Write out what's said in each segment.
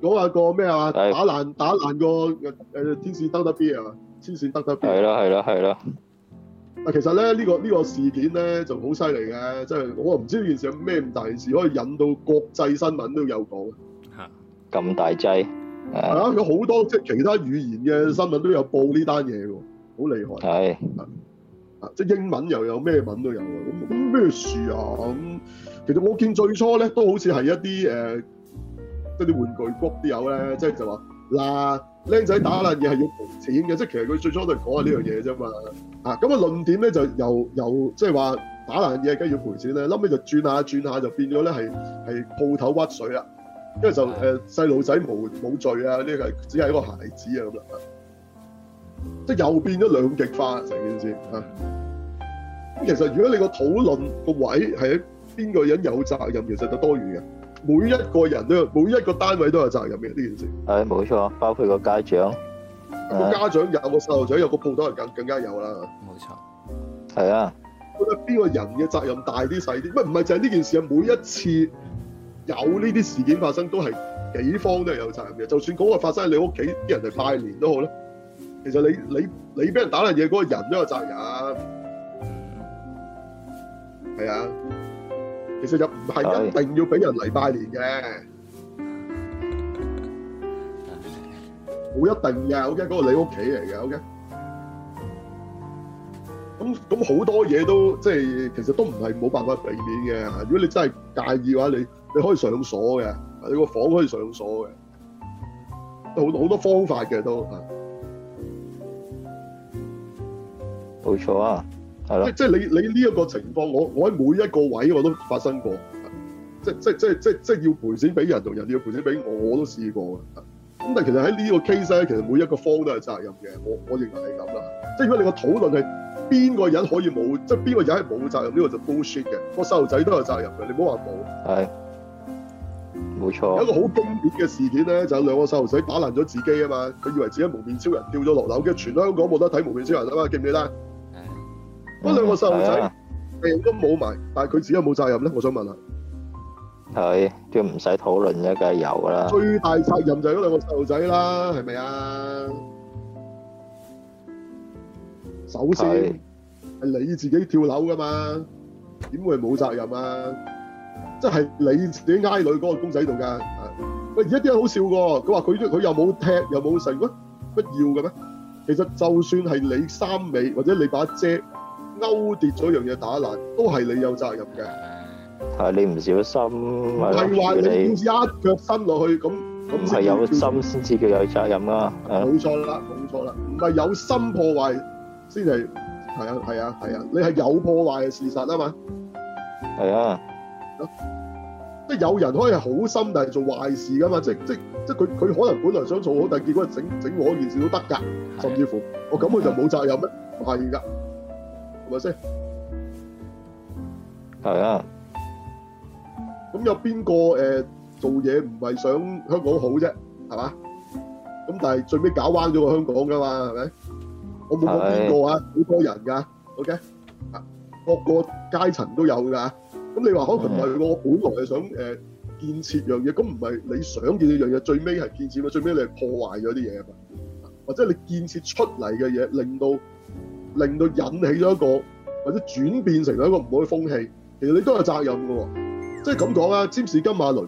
講下個咩啊？打爛打爛個日誒天線得得 B 啊？天線得得 B？係啦係啦係啦。嗱，其實咧呢、這個呢、這個事件咧就好犀利嘅，真、就、係、是、我唔知呢件事有咩咁大件事，可以引到國際新聞都有講。嚇！咁大劑？係啊，佢好多即係其他語言嘅新聞都有報呢單嘢喎，好厲害。係啊的，即係英文又有咩文都有嘅，咁咩事啊？咁其實我見最初咧都好似係一啲誒。呃啲玩具谷啲友咧，即係就話嗱，僆仔打爛嘢係要賠錢嘅，即係其實佢最初都係講下呢樣嘢啫嘛。啊，咁嘅論點咧就由由即係話打爛嘢梗係要賠錢咧，後屘就轉下轉下就變咗咧係係鋪頭屈水啦，因為就誒細路仔冇冇罪啊，呢個係只係一個孩子啊咁啦，即係又變咗兩極化成件事啊。咁其實如果你個討論個位係邊個人有責任，其實就多餘嘅。每一個人都，有，每一個單位都有責任嘅呢件事。誒，冇錯，包括個家長，對個家長對有個，有個細路仔有個，個鋪頭人更更加有啦。冇錯錯，係啊。覺得，邊個人嘅責任大啲細啲？乜唔係就係呢件事啊？每一次有呢啲事件發生，都係幾方都有責任嘅。就算嗰個發生喺你屋企啲人嚟拜年都好啦。其實你你你俾人打爛嘢嗰個人都有責任。係啊。其實就唔係一定要俾人嚟拜年嘅，冇一定嘅。好、OK? 嘅，嗰個你屋企嚟嘅。好嘅，咁咁好多嘢都即係，其實都唔係冇辦法避免嘅。如果你真係介意嘅話，你你可以上鎖嘅，你個房可以上鎖嘅，好好多方法嘅都。冇錯啊！即即是你你呢一個情況，我我喺每一個位我都發生過、就是，即即即即即要賠錢俾人，同人要賠錢俾我，我都試過嘅。咁但係其實喺呢個 case 咧，其實每一個方都係責任嘅。我我認為係咁啦。即如果你個討論係邊個人可以冇，即邊個人係冇責任，呢、這個就 bullshit 嘅。個細路仔都有責任嘅，你唔好話冇。係，冇錯。有一個好經典嘅事件咧，就有、是、兩個細路仔打爛咗自己啊嘛。佢以為自己蒙面超人，掉咗落樓，嘅，全香港冇得睇蒙面超人啊嘛。記唔記得？嗰兩個細路仔，命都冇埋，但係佢自己有冇責任咧？我想問下，係都要唔使討論啫，梗係有噶啦。最大責任就係嗰兩個細路仔啦，係咪啊？首先係你自己跳樓噶嘛，點會冇責任啊？即係你自己挨女嗰個公仔度噶，喂而家啲人好笑噶，佢話佢佢又冇踢又冇神，乜乜要嘅咩？其實就算係你三尾或者你把遮。勾跌咗一樣嘢，打爛，都係你有責任嘅。係你唔小心，唔係話你一腳伸落去咁咁係有心先至叫有責任，啊嗯，冇錯啦，冇錯啦，冇錯啦，唔係有心破壞先係，係啊係啊係啊，啊，啊，你係有破壞嘅事實啊嘛。係啊，即係有人可以係好心，但係做壞事噶嘛。即即即佢佢可能本來想做好，但係結果整整我件事都得噶，啊、甚至乎我咁佢就冇責任咩？係噶，嗯。咪先？係啊。咁的有邊個誒做嘢唔係想香港好啫？係嘛。咁但係最尾搞彎咗個香港噶嘛？係咪？的我冇講邊個啊，好多人噶。OK。各個階層都有噶。咁你話可能係我本來係想誒、呃、建設樣嘢，咁唔係你想建設樣嘢，最尾係建設咪？最尾你係破壞咗啲嘢啊？或者你建設出嚟嘅嘢令到？令到引起咗一個或者轉變成一個唔好嘅風氣，其實你都有責任嘅，即係咁講啊！占士金馬倫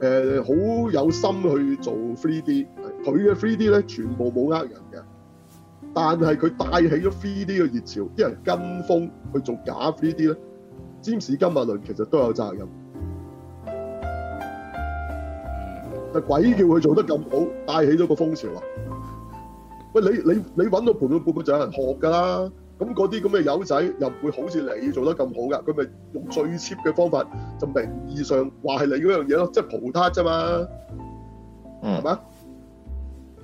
誒好、呃、有心去做 3D，佢嘅 3D 咧全部冇呃人嘅，但係佢帶起咗 3D 嘅熱潮，啲人跟風去做假 3D 咧，占士金馬倫其實都有責任，但鬼叫佢做得咁好，帶起咗個風潮啊！喂，你你你揾到盤滿缽滿就有人學噶啦，咁嗰啲咁嘅友仔又唔會好似你做得咁好噶，佢咪用最 cheap 嘅方法就名義上話係你嗰樣嘢咯，即係葡撻啫嘛，係嘛？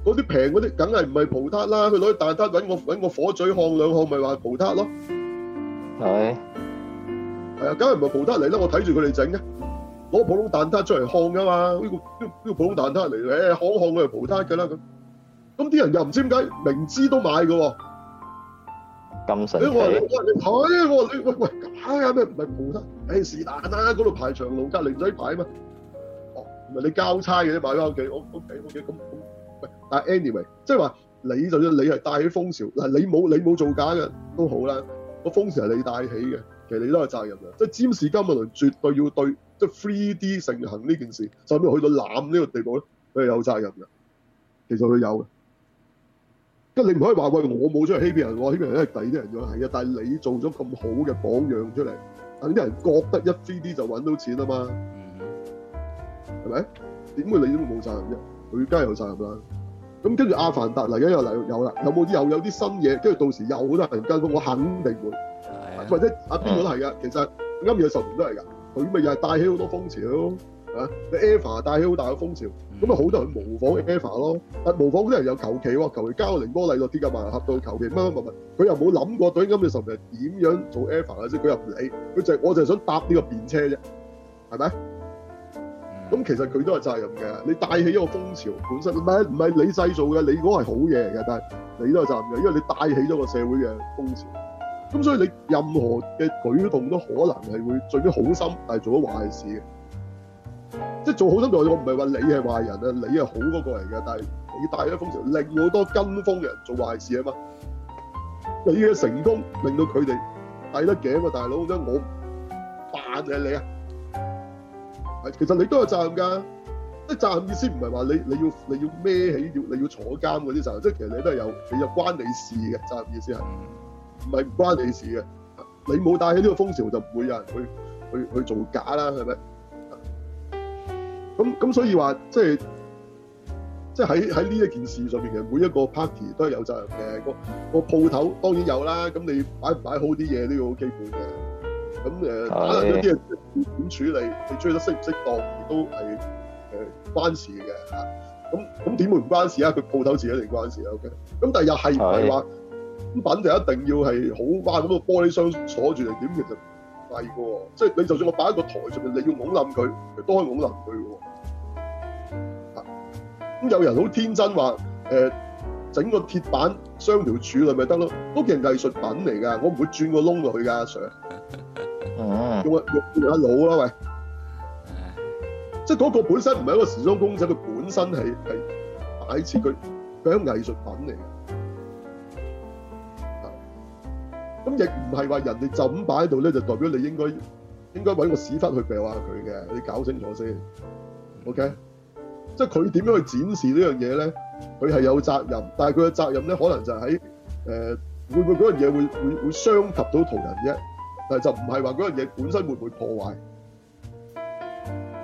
嗰啲平嗰啲梗係唔係葡撻啦？佢攞啲蛋撻揾我揾我火嘴烘兩烘，咪話葡撻咯，係，係啊，梗係唔係葡撻嚟啦？我睇住佢哋整嘅，攞普通蛋撻出嚟烘噶嘛？呢個呢個普通蛋撻嚟，誒烘烘佢就葡撻㗎啦咁。咁啲人又唔知點解，明知都買嘅喎、哦，咁死、哎！我話你睇、啊，我話你喂喂假呀咩唔係冇得？誒是但啦，嗰、哎、度、啊、排長龍隔離唔使排啊嘛，唔係、哦、你交差嘅啫，你買翻屋企，我屋企屋企咁咁。喂、okay, okay，但 anyway，即係話你就你係帶起風潮，嗱你冇你冇做假嘅都好啦，個風潮係你帶起嘅，其實你都有責任嘅。即係占士金馬倫絕對要對，即係 three D 盛行呢件事，就唔使去到濫呢個地步咧？佢有責任嘅，其實佢有嘅。即係你唔可以話喂，我冇出去欺騙人我欺騙人咧係抵啲人咗，係啊，但係你做咗咁好嘅榜樣出嚟，等啲人覺得一啲啲就揾到錢啊嘛，係咪、mm？點、hmm. 會你都冇責任啫？佢梗有責任啦。咁跟住阿凡達嚟緊又嚟有啦，有冇又有啲新嘢？跟住到時又好多人跟，我肯定會，Yeah. 或者阿、啊、邊個都係噶。其實啱嘢十年都係噶，佢咪又係帶起好多風潮咯。嚇、啊，你 EVA 帶起好大嘅風潮，咁啊好多人模仿 EVA 咯。啊，模仿啲人有求其喎，求其加個綾波麗落啲架嘛，合到求其乜乜乜物，佢又冇諗過到今嘅時候點樣做 EVA 嘅啫，佢又唔理。佢就係、是、我就係想搭呢個便車啫，係咪？咁其實佢都有責任嘅。你帶起一個風潮本身唔係唔係你製造嘅，你嗰個係好嘢嘅，但係你都有責任嘅，因為你帶起咗個社會嘅風潮。咁所以你任何嘅舉動都可能係會最尾好心，但係做咗壞事嘅。即係做好心，但我唔係話你係壞人啊，你係好嗰個嚟嘅，但係你帶起風潮，令好多跟風嘅人做壞事啊嘛。你嘅成功令到佢哋帶得頸啊，大佬，我扮係你啊。其實你都有責任㗎，即係責任意思唔係話你你要你要孭起，要你要坐監嗰啲責任，即係其實你都係有，你有關你事嘅責任意思係唔係唔關你事嘅？你冇帶起呢個風潮，就唔會有人去去去做假啦，係咪？咁咁所以話即係即係喺喺呢一件事上邊嘅每一個 party 都係有責任嘅，個個鋪頭當然有啦，咁你擺唔擺好啲嘢都要好基本嘅。咁誒、呃、的打爛咗啲嘢點處理？你處理得適唔適當亦都係誒、呃關，啊、關事嘅嚇。咁咁點會唔關事啊？佢鋪頭自己定關事啊？OK 是是。咁但二日係唔係話咁品就一定要係好啱？咁、那個玻璃箱鎖住嚟點其實弊嘅喎。即係你就算我擺喺個台上邊，你要㧬冧佢，都可以㧬冧佢喎。咁有人好天真話誒、呃、整個鐵板雙條柱嘞，咪得咯？嗰件藝術品嚟㗎，我唔會轉個窿落去㗎，阿 Sir。哦、uh huh.，用阿用阿腦啦，喂！Uh huh. 即係嗰個本身唔係一個時裝公仔，佢本身係係擺設，佢佢係藝術品嚟。咁亦唔係話人哋就咁擺喺度咧，就代表你應該應該揾個屎忽去評下佢嘅，你搞清楚先。OK。即係佢點樣去展示呢樣嘢咧？佢係有責任，但係佢嘅責任咧，可能就係喺誒會唔會嗰樣嘢會會會傷及到途人啫。但係就唔係話嗰樣嘢本身會唔會破壞。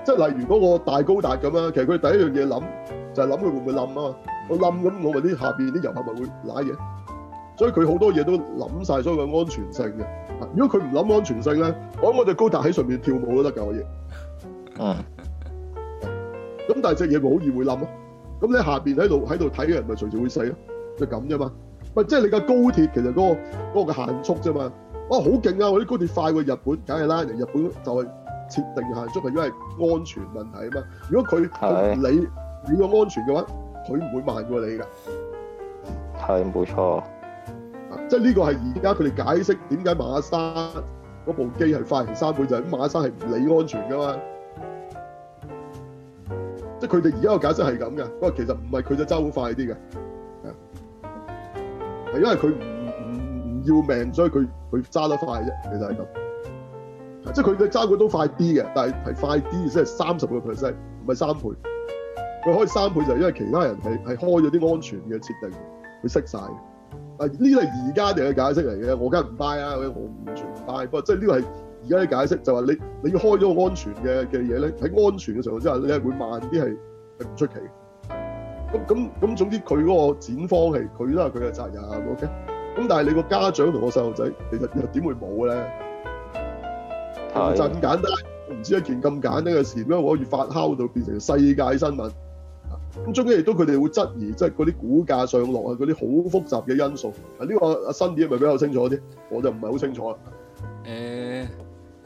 即係例如嗰個大高達咁啦，其實佢第一樣嘢諗就係諗佢會唔會冧啊嘛。我冧咁，我咪啲下邊啲遊客咪會瀨嘢。所以佢好多嘢都諗晒。所有嘅安全性嘅。如果佢唔諗安全性咧，我諗我哋高達喺上面跳舞都得㗎可以。嗯。啊咁但係隻嘢咪好易會冧咯，咁你下邊喺度喺度睇嘅人咪隨時會死咯，就咁啫嘛。唔即係你嘅高鐵其實嗰、那個嗰、那個、限速啫嘛。哇，好勁啊！我、啊、啲、啊、高鐵快過日本，梗係啦。嚟日本就係設定限速，係因為安全問題啊嘛。如果佢唔理如果對安全嘅話，佢唔會慢過你噶。係冇錯。即係呢個係而家佢哋解釋點解馬沙嗰部機係快過三倍就係、是、馬沙係唔理安全噶嘛。即係佢哋而家個解釋係咁嘅，不過其實唔係佢就揸會快啲嘅，係因為佢唔唔唔要命，所以佢佢揸得快啫。其實係咁，即係佢嘅揸嗰都快啲嘅，但係係快啲，即係三十個 percent，唔係三倍。佢開三倍就係因為其他人係係開咗啲安全嘅設定，佢熄曬。啊，呢個係而家定嘅解釋嚟嘅，我梗係唔 buy 啦，我完全唔 buy。不過即係呢個係。而家啲解釋就話你你要開咗個安全嘅嘅嘢咧，喺安全嘅情況之下，你係會慢啲，係係唔出奇。咁咁咁，總之佢嗰個展方係佢都係佢嘅責任。OK。咁但係你個家長同個細路仔其實又點會冇咧？就咁簡單，唔知一件咁簡單嘅事點解可以發酵到變成世界新聞？咁中間亦都佢哋會質疑，即係嗰啲股價上落啊，嗰啲好複雜嘅因素。啊，呢個阿 Sunny 咪比較清楚啲？我就唔係好清楚。誒、uh。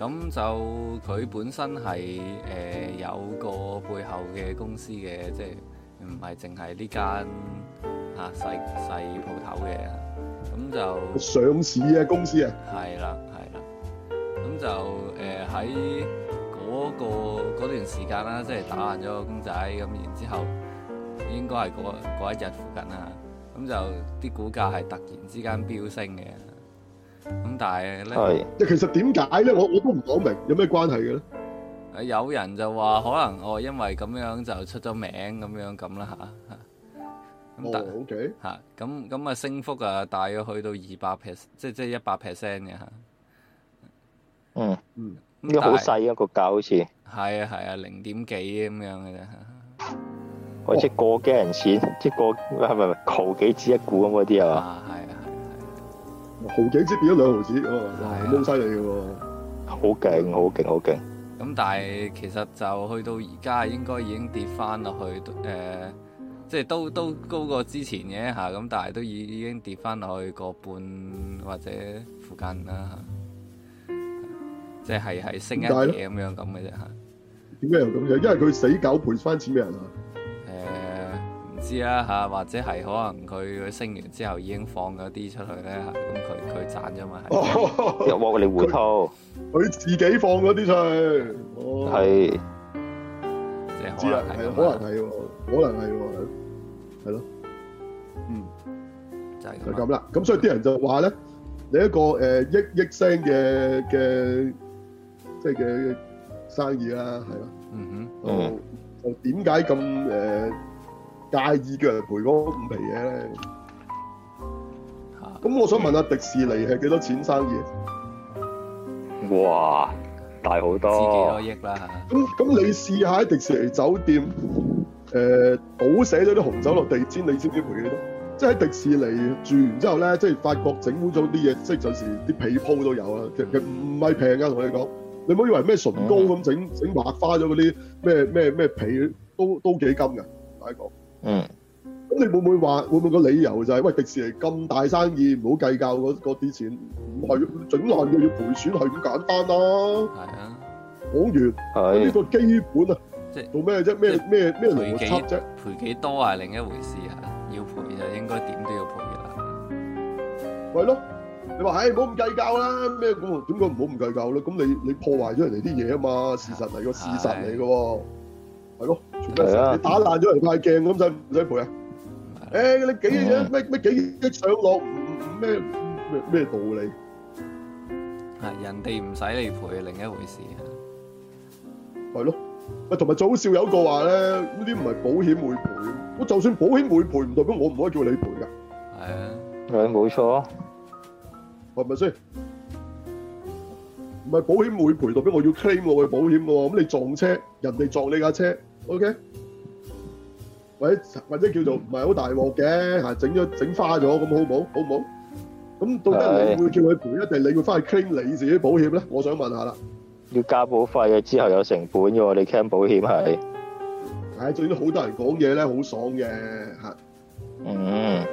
咁就佢本身係誒有個背後嘅公司嘅，即係唔係淨係呢間細細細鋪頭嘅，咁就上市嘅公司啊，係啦係啦，咁就誒喺嗰個嗰段時間啦，即係打爛咗個公仔，咁然之後應該係嗰一日附近啦，咁就啲股價係突然之間飆升嘅。咁但係咧，其實點解咧，我我都唔講明，有咩關係嘅咧？誒，有人就話可能哦，因為咁樣就出咗名咁樣咁啦吓吓。哦，O K。吓咁咁啊，升幅啊，大約去到二百 percent，即即係一百 percent 嘅吓。嗯嗯，咁好細一個價好似。係啊係啊，零點幾咁樣嘅啫吓。好似過幾人錢，即過咪咪求幾子一股咁嗰啲係嘛？豪毫景即變咗兩毫紙，啊、哇，好犀利嘅喎，好勁，好勁，好勁。咁但係其實就去到而家應該已經跌翻落去，誒、呃，即、就、係、是、都都高過之前嘅吓，咁但係都已已經跌翻落去個半或者附近啦，即係係升一嘢，咁樣咁嘅啫吓。點解又咁嘅？因為佢死狗賠翻錢俾人啊！知啦嚇，或者係可能佢佢升完之後已經放咗啲出去咧嚇，咁佢佢賺咗嘛，入鍋嚟回扣，佢自己放咗啲出去，係，可能係，可能係，可能係，係咯，嗯，就係佢咁啦。咁所以啲人就話咧，你一個誒億億聲嘅嘅，即係嘅生意啦，係咯，嗯哼，哦，就點解咁誒？介意嘅人賠嗰五皮嘢咧，嚇咁，我想問下迪士尼係幾多錢生意？哇，大好多，幾多億啦？咁咁，你試下喺迪士尼酒店誒、呃，倒瀉咗啲紅酒落地氈，你知唔知賠幾多？即係喺迪士尼住完之後咧，即、就、係、是、法國整污咗啲嘢，即係就時啲被鋪都有啊。其實其實唔係平噶，同你講，你唔好以為咩唇膏咁整整畫花咗嗰啲咩咩咩皮都都幾金嘅，大家嗯，咁你會唔會話會唔會個理由就係喂迪士尼咁大生意唔好計較嗰嗰啲錢，唔係整爛佢要賠損係咁簡單啊？係啊，講完呢個基本啊，即係做咩啫？咩咩咩邏輯啫？賠幾多係另一回事啊？要賠就應該點都要賠嘅啦。係咯，你話唉唔好唔計較啦，咩咁？點解唔好唔計較咧？咁你你破壞咗人哋啲嘢啊嘛，事實係個事實嚟㗎喎，係咯。你打爛咗人塊鏡咁使唔使賠啊？誒，你幾嘢咩咩幾嘢搶落唔唔咩咩咩道理？啊，人哋唔使你賠係另一回事啊。係咯，啊同埋最好笑有一個話咧，呢啲唔係保險會賠，我就算保險會賠，唔代表我唔可以叫你賠噶。係啊，誒，冇錯，係咪先？唔係保險會賠，代表我要 claim 我嘅保險噶喎。咁你撞車，人哋撞你架車。O K，或者或者叫做唔係好大鑊嘅嚇，整咗整花咗咁，好唔好？好唔好？咁到底你會叫佢賠，定你會翻去 claim 你自己保險咧？我想問下啦。要加保費嘅，之後有成本嘅喎，你 claim 保險係。係，仲要好多人講嘢咧，好爽嘅嚇。嗯。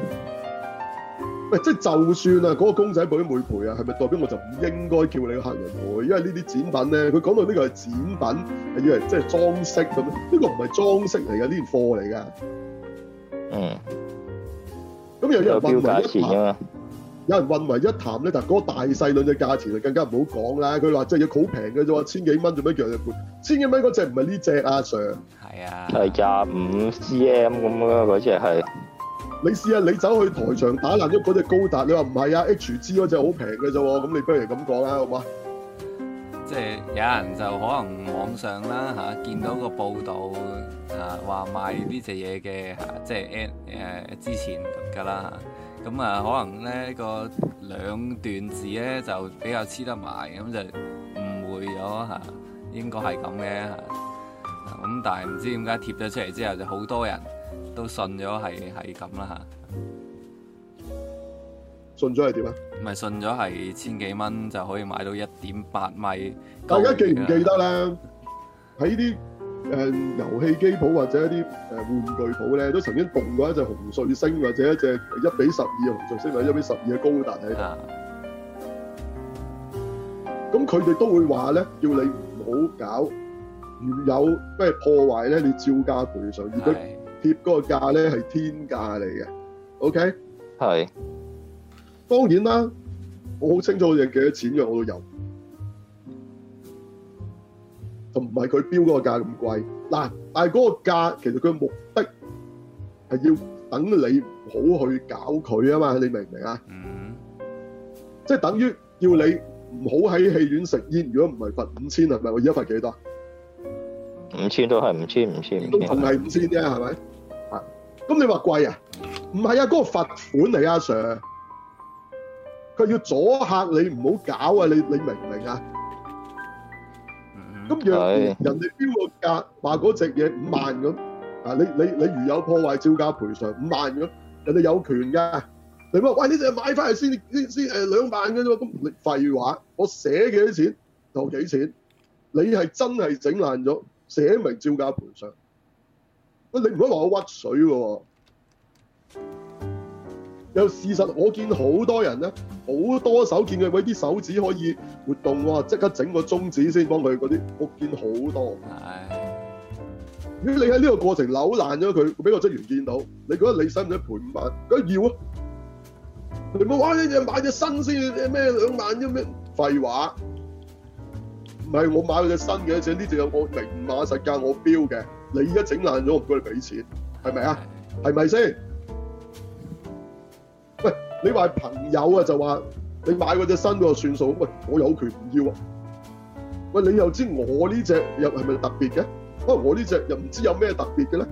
喂，即係就算啊，嗰個公仔部都唔會賠啊，係咪代表我就唔應該叫你個客人賠？因為呢啲展品咧，佢講到呢個係展品，係以為即係裝飾咁樣，呢、呢個唔係裝飾嚟噶，呢件貨嚟噶。嗯。咁有人混為一談，有人混為一談咧，但嗰個大細兩隻價錢就更加唔好講啦。佢話即係要好平嘅啫喎，千幾蚊做乜嘢啊？千幾蚊嗰隻唔係呢隻啊，Sir。係啊。係廿五 cm 咁啦，嗰隻係。你試下，你走去台場打爛咗嗰隻高達，你話唔係啊？HG 嗰隻好平嘅啫喎，咁你不如咁講啦，好嘛？即係有人就可能網上啦嚇，見到個報道話賣呢隻嘢嘅，即係之前㗎啦。咁啊，可能咧個兩段字咧就比較黐得埋，咁就誤會咗嚇、啊，應該係咁嘅。咁、啊、但係唔知點解貼咗出嚟之後就好多人。都信咗係係咁啦吓，信咗係點啊？唔係信咗係千幾蚊就可以買到一點八米？大家記唔記得咧？喺啲誒遊戲機鋪或者一啲誒、呃、玩具鋪咧，都曾經動過一隻紅彗星或者一隻一比十二紅彗星或者一比十二嘅高達喺度。咁佢哋都會話咧，叫你唔好搞，唔有咩破壞咧，你照價賠償。如果貼嗰個價咧，係天價嚟嘅，OK？係，當然啦，我好清楚我有幾多錢嘅，我都有，就唔係佢標嗰個價咁貴。嗱，但係嗰個價其實佢目的係要等你唔好去搞佢啊嘛，你明唔明啊？嗯，即係等於叫你唔好喺戲院食煙，如果唔係罰五千啊，係咪我而家罰幾多？五千都係五千，五千五千，都同係五千啫，係咪？啊，咁你話貴啊？唔係啊，嗰個罰款嚟，阿 Sir。佢要阻嚇你，唔好搞啊！你你明唔明啊？咁若然人哋標個價話嗰隻嘢五萬咁啊，你你你如有破壞，照價賠償五萬咁，人哋有權噶。你話喂，呢隻買翻去先先先誒兩萬嘅啫，咁你廢話，我寫幾多錢就幾錢，你係真係整爛咗。寫明照價賠償。餵你唔可以話我屈水嘅喎。又事實我見好多人咧，好多手見佢喂啲手指可以活動，哇！即刻整個中指先幫佢嗰啲復健好多。係唉。如果你喺呢個過程扭爛咗佢，俾個職員見到，你覺得你使唔使賠五萬？梗要啊！你冇話你買隻新先，咩兩萬啫咩？廢話。唔係我買佢隻新嘅，整呢隻有我明碼實價我標嘅，你而家整爛咗，我唔該你俾錢，係咪啊？係咪先？喂，你話朋友啊，就話你買嗰隻新嘅算數，喂，我有權唔要啊？喂，你又知我呢隻又係咪特別嘅？不過我呢隻又唔知有咩特別嘅咧，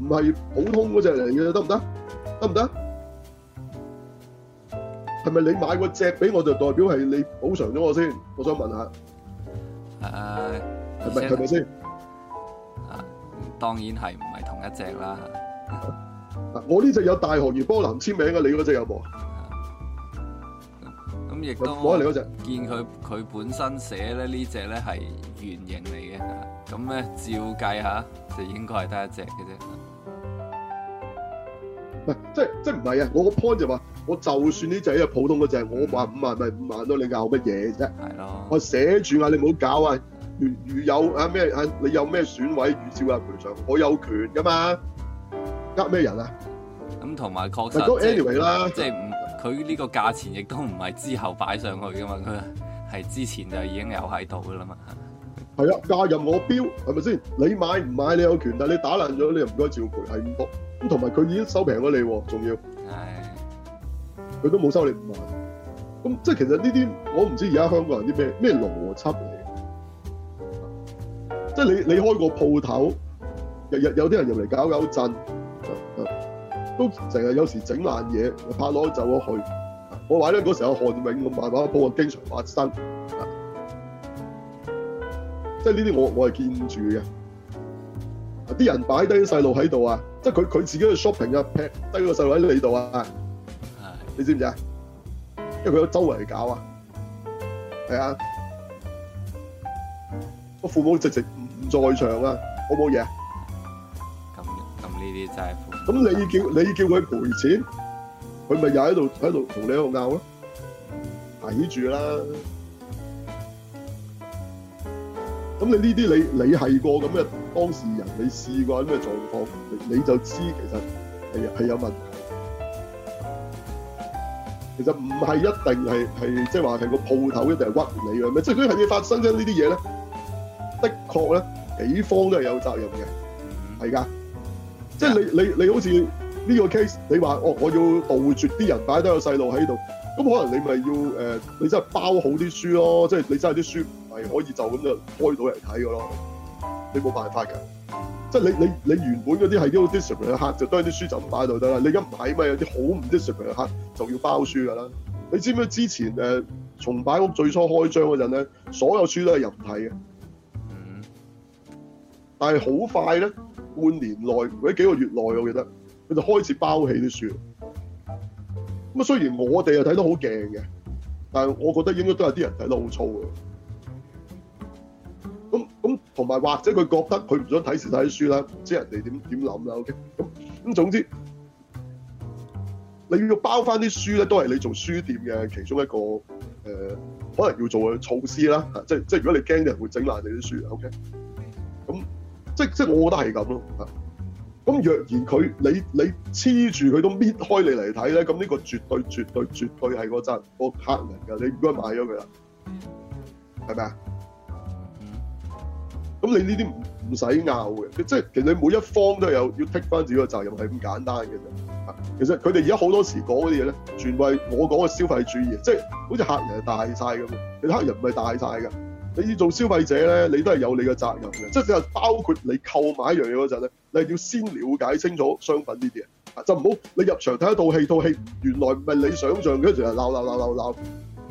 唔係普通嗰隻嚟嘅，得唔得？得唔得？係咪你買嗰隻俾我就代表係你補償咗我先？我想問下。誒，係咪係咪先？是是是是啊，當然係唔係同一隻啦。啊、我呢隻有大河如波瀾簽名嘅，你嗰隻有冇？咁亦都我睇，我開嚟嗰隻，見佢佢本身寫咧呢隻咧係圓形嚟嘅，咁、啊、咧照計下，就應該係得一隻嘅啫。即即唔係啊！我個 point 就話，我就算啲掣係普通嘅掣，嗯、我話五萬咪五萬咯，你拗乜嘢啫？係咯的，我寫住啊，你唔好搞啊！如，如有啊咩啊，你有咩損毀預照有賠償，我有權噶嘛？呃咩人啊？咁同埋確實嗱，嗰 anyway 啦，即係唔佢呢個價錢亦都唔係之後擺上去噶嘛，佢係之前就已經有喺度噶啦嘛。係啊，加入我標係咪先？你買唔買你有權，但係你打爛咗你又唔該照賠係咁多。同埋佢已經收平咗你，仲要，佢、哎、都冇收你五萬。咁即係其實呢啲我唔知而家香港人啲咩咩邏輯嚟嘅。即係你你開個鋪頭，日日有啲人入嚟搞搞震、啊啊，都成日有時整爛嘢，拍攞走咗去。我話咧嗰時候，漢永咁大把鋪，經常發生、啊，即係呢啲我我係見住嘅，啲人擺低啲細路喺度啊！即係佢佢自己去 shopping 啊，撇低個細路仔喺你度啊，你知唔知啊？因為佢喺周圍嚟搞啊，係啊，個父母直情唔在場啊，好冇嘢。咁咁呢啲真係苦。咁你叫你叫佢賠錢，佢咪又喺度喺度同你喺度拗咯，睇住啦。咁你呢啲你你係過咁嘅當事人，你試過咁嘅狀況，你就知其實係啊係有問題。其實唔係一定係，係即係話係個鋪頭一定係屈你嘅，咩？即係點係會發生啫？呢啲嘢咧，的確咧幾方都係有責任嘅，係㗎。即係你你你好似呢個 case，你話我哦我要杜絕啲人擺低個細路喺度，咁可能你咪要誒、呃，你真係包好啲書咯，即係你真係啲書。係可以就咁就開到嚟睇嘅咯，你冇辦法㗎，即係你你你原本嗰啲係啲好 discipline 嘅客，就都係啲書就唔擺度得啦。你而家唔睇咪有啲好唔 discipline 嘅客，就要包書㗎啦。你知唔知之前誒重擺屋最初開張嗰陣咧，所有書都係任睇嘅，但係好快咧，半年內或者幾個月內，我記得佢就開始包起啲書。咁啊，雖然我哋又睇得好勁嘅，但係我覺得應該都有啲人睇得好粗嘅。咁同埋或者佢覺得佢唔想睇時睇啲書啦，唔知人哋點點諗啦。OK，咁咁總之，你要包翻啲書咧，都係你做書店嘅其中一個誒、呃，可能要做嘅措施啦。即即係如果你驚啲人會整爛你啲書，OK，咁即即係我覺得係咁咯。咁若然佢你你黐住佢都搣開你嚟睇咧，咁呢個絕對絕對絕對係嗰陣個客人㗎，你唔該買咗佢啦，係咪啊？咁你呢啲唔唔使拗嘅，即係其實你每一方都有要剔 a 翻自己嘅責任，係咁簡單嘅啫。其實佢哋而家好多時講嗰啲嘢咧，全係我講嘅消費主義，即係好似客人係大晒咁。你客人唔係大晒嘅，你要做消費者咧，你都係有你嘅責任嘅。即係包括你購買一樣嘢嗰陣咧，你係要先了解清楚商品呢啲嘢，就唔好你入場睇一套戲，套戲原來唔係你想象嘅時候，鬧鬧鬧鬧鬧。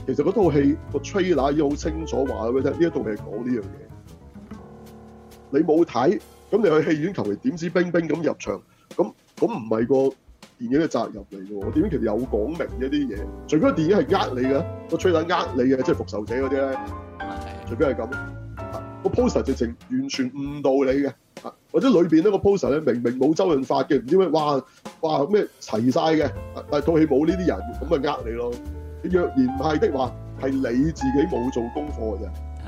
其實嗰套戲個吹奶 a 已經好清楚話咗俾你聽，呢一套戲係講呢樣嘢。你冇睇，咁你去戲院求其點指兵兵咁入場，咁咁唔係個電影嘅責任嚟㗎喎。我電影其實有講明一啲嘢，除非個電影係呃你嘅，個吹冷呃你嘅，即係復仇者嗰啲咧，的除非係咁，個 poster 直情完全誤導你嘅，或者裏面呢個 poster 咧明明冇周潤發嘅，唔知咩，哇哇咩齊晒嘅，但係套戲冇呢啲人，咁咪呃你咯。你若然唔係的話，係你自己冇做功課嘅啫。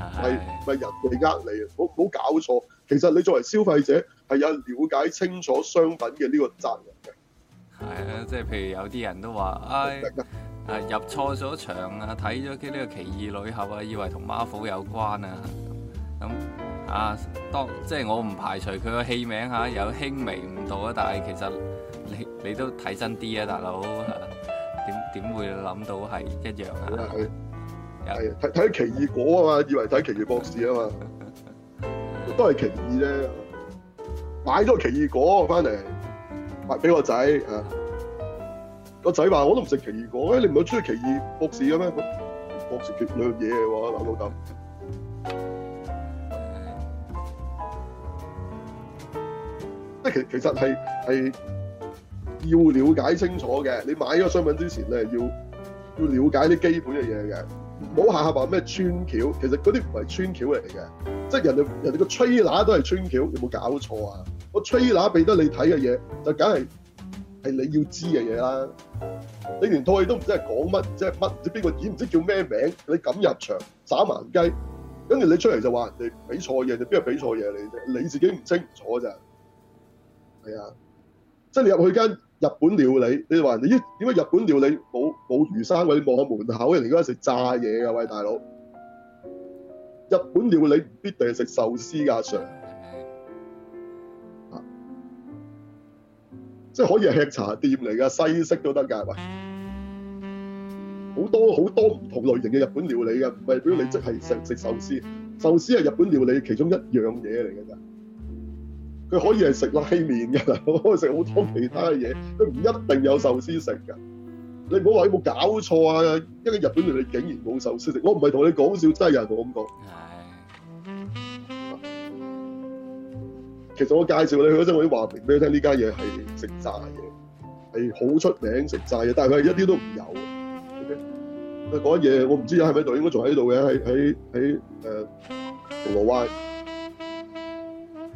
係咪人哋呃你啊？冇冇搞錯？其實你作為消費者係有了解清楚商品嘅呢個責任嘅。係啊，即係譬如有啲人都話，唉、哎，啊入錯咗場啊，睇咗啲呢個《奇異旅客、嗯》啊，以為同《馬虎》有關啊。咁啊，當即係我唔排除佢個戲名吓有輕微誤導啊，但係其實你你都睇真啲啊，大佬吓。點點會諗到係一樣啊？係睇睇奇異果啊嘛，以為睇奇異博士啊嘛，都係奇異啫。買咗個奇異果翻嚟，買俾個仔啊。個仔話：我都唔食奇異果，你唔係中意奇異博士嘅咩？博士兩樣嘢喎，諗到咁。即係其實係係要了解清楚嘅。你買呢個商品之前咧，要要了解啲基本嘅嘢嘅。唔好下下話咩穿橋，其實嗰啲唔係穿橋嚟嘅，即係人哋人哋個吹喇叭都係穿橋，有冇搞錯啊？個吹喇叭俾得你睇嘅嘢，就梗係係你要知嘅嘢啦。你連套戲都唔知係講乜，唔知係乜，唔知邊個演，唔知叫咩名，你敢入場耍盲雞？跟住你出嚟就話人哋俾錯嘢，就哋邊個俾錯嘢你你自己唔清楚咋，係啊，即係你入去間。日本料理，你哋話人哋咦點解日本料理冇冇魚生？喂，望下門口，人哋而家食炸嘢㗎，喂大佬！日本料理唔必定係食壽司㗎，Sir，啊，即係可以係吃茶店嚟㗎，西式都得㗎，係咪？好多好多唔同類型嘅日本料理㗎，唔係表你即係食食壽司。壽司係日本料理的其中一樣嘢嚟㗎咋。佢可以係食拉麵㗎，我可以食好多其他嘅嘢，佢唔一定有壽司食㗎。你唔好話有冇搞錯啊！一個日本嚟，竟然冇壽司食。我唔係同你講笑，真係有人同我咁講。其實我介紹你嗰陣，我要話明俾你聽，呢間嘢係食炸嘢，係好出名食炸嘢，但係佢一啲都唔有。佢講嘢我唔知喺喺度，應該仲喺度嘅，喺喺喺誒銅鑼灣。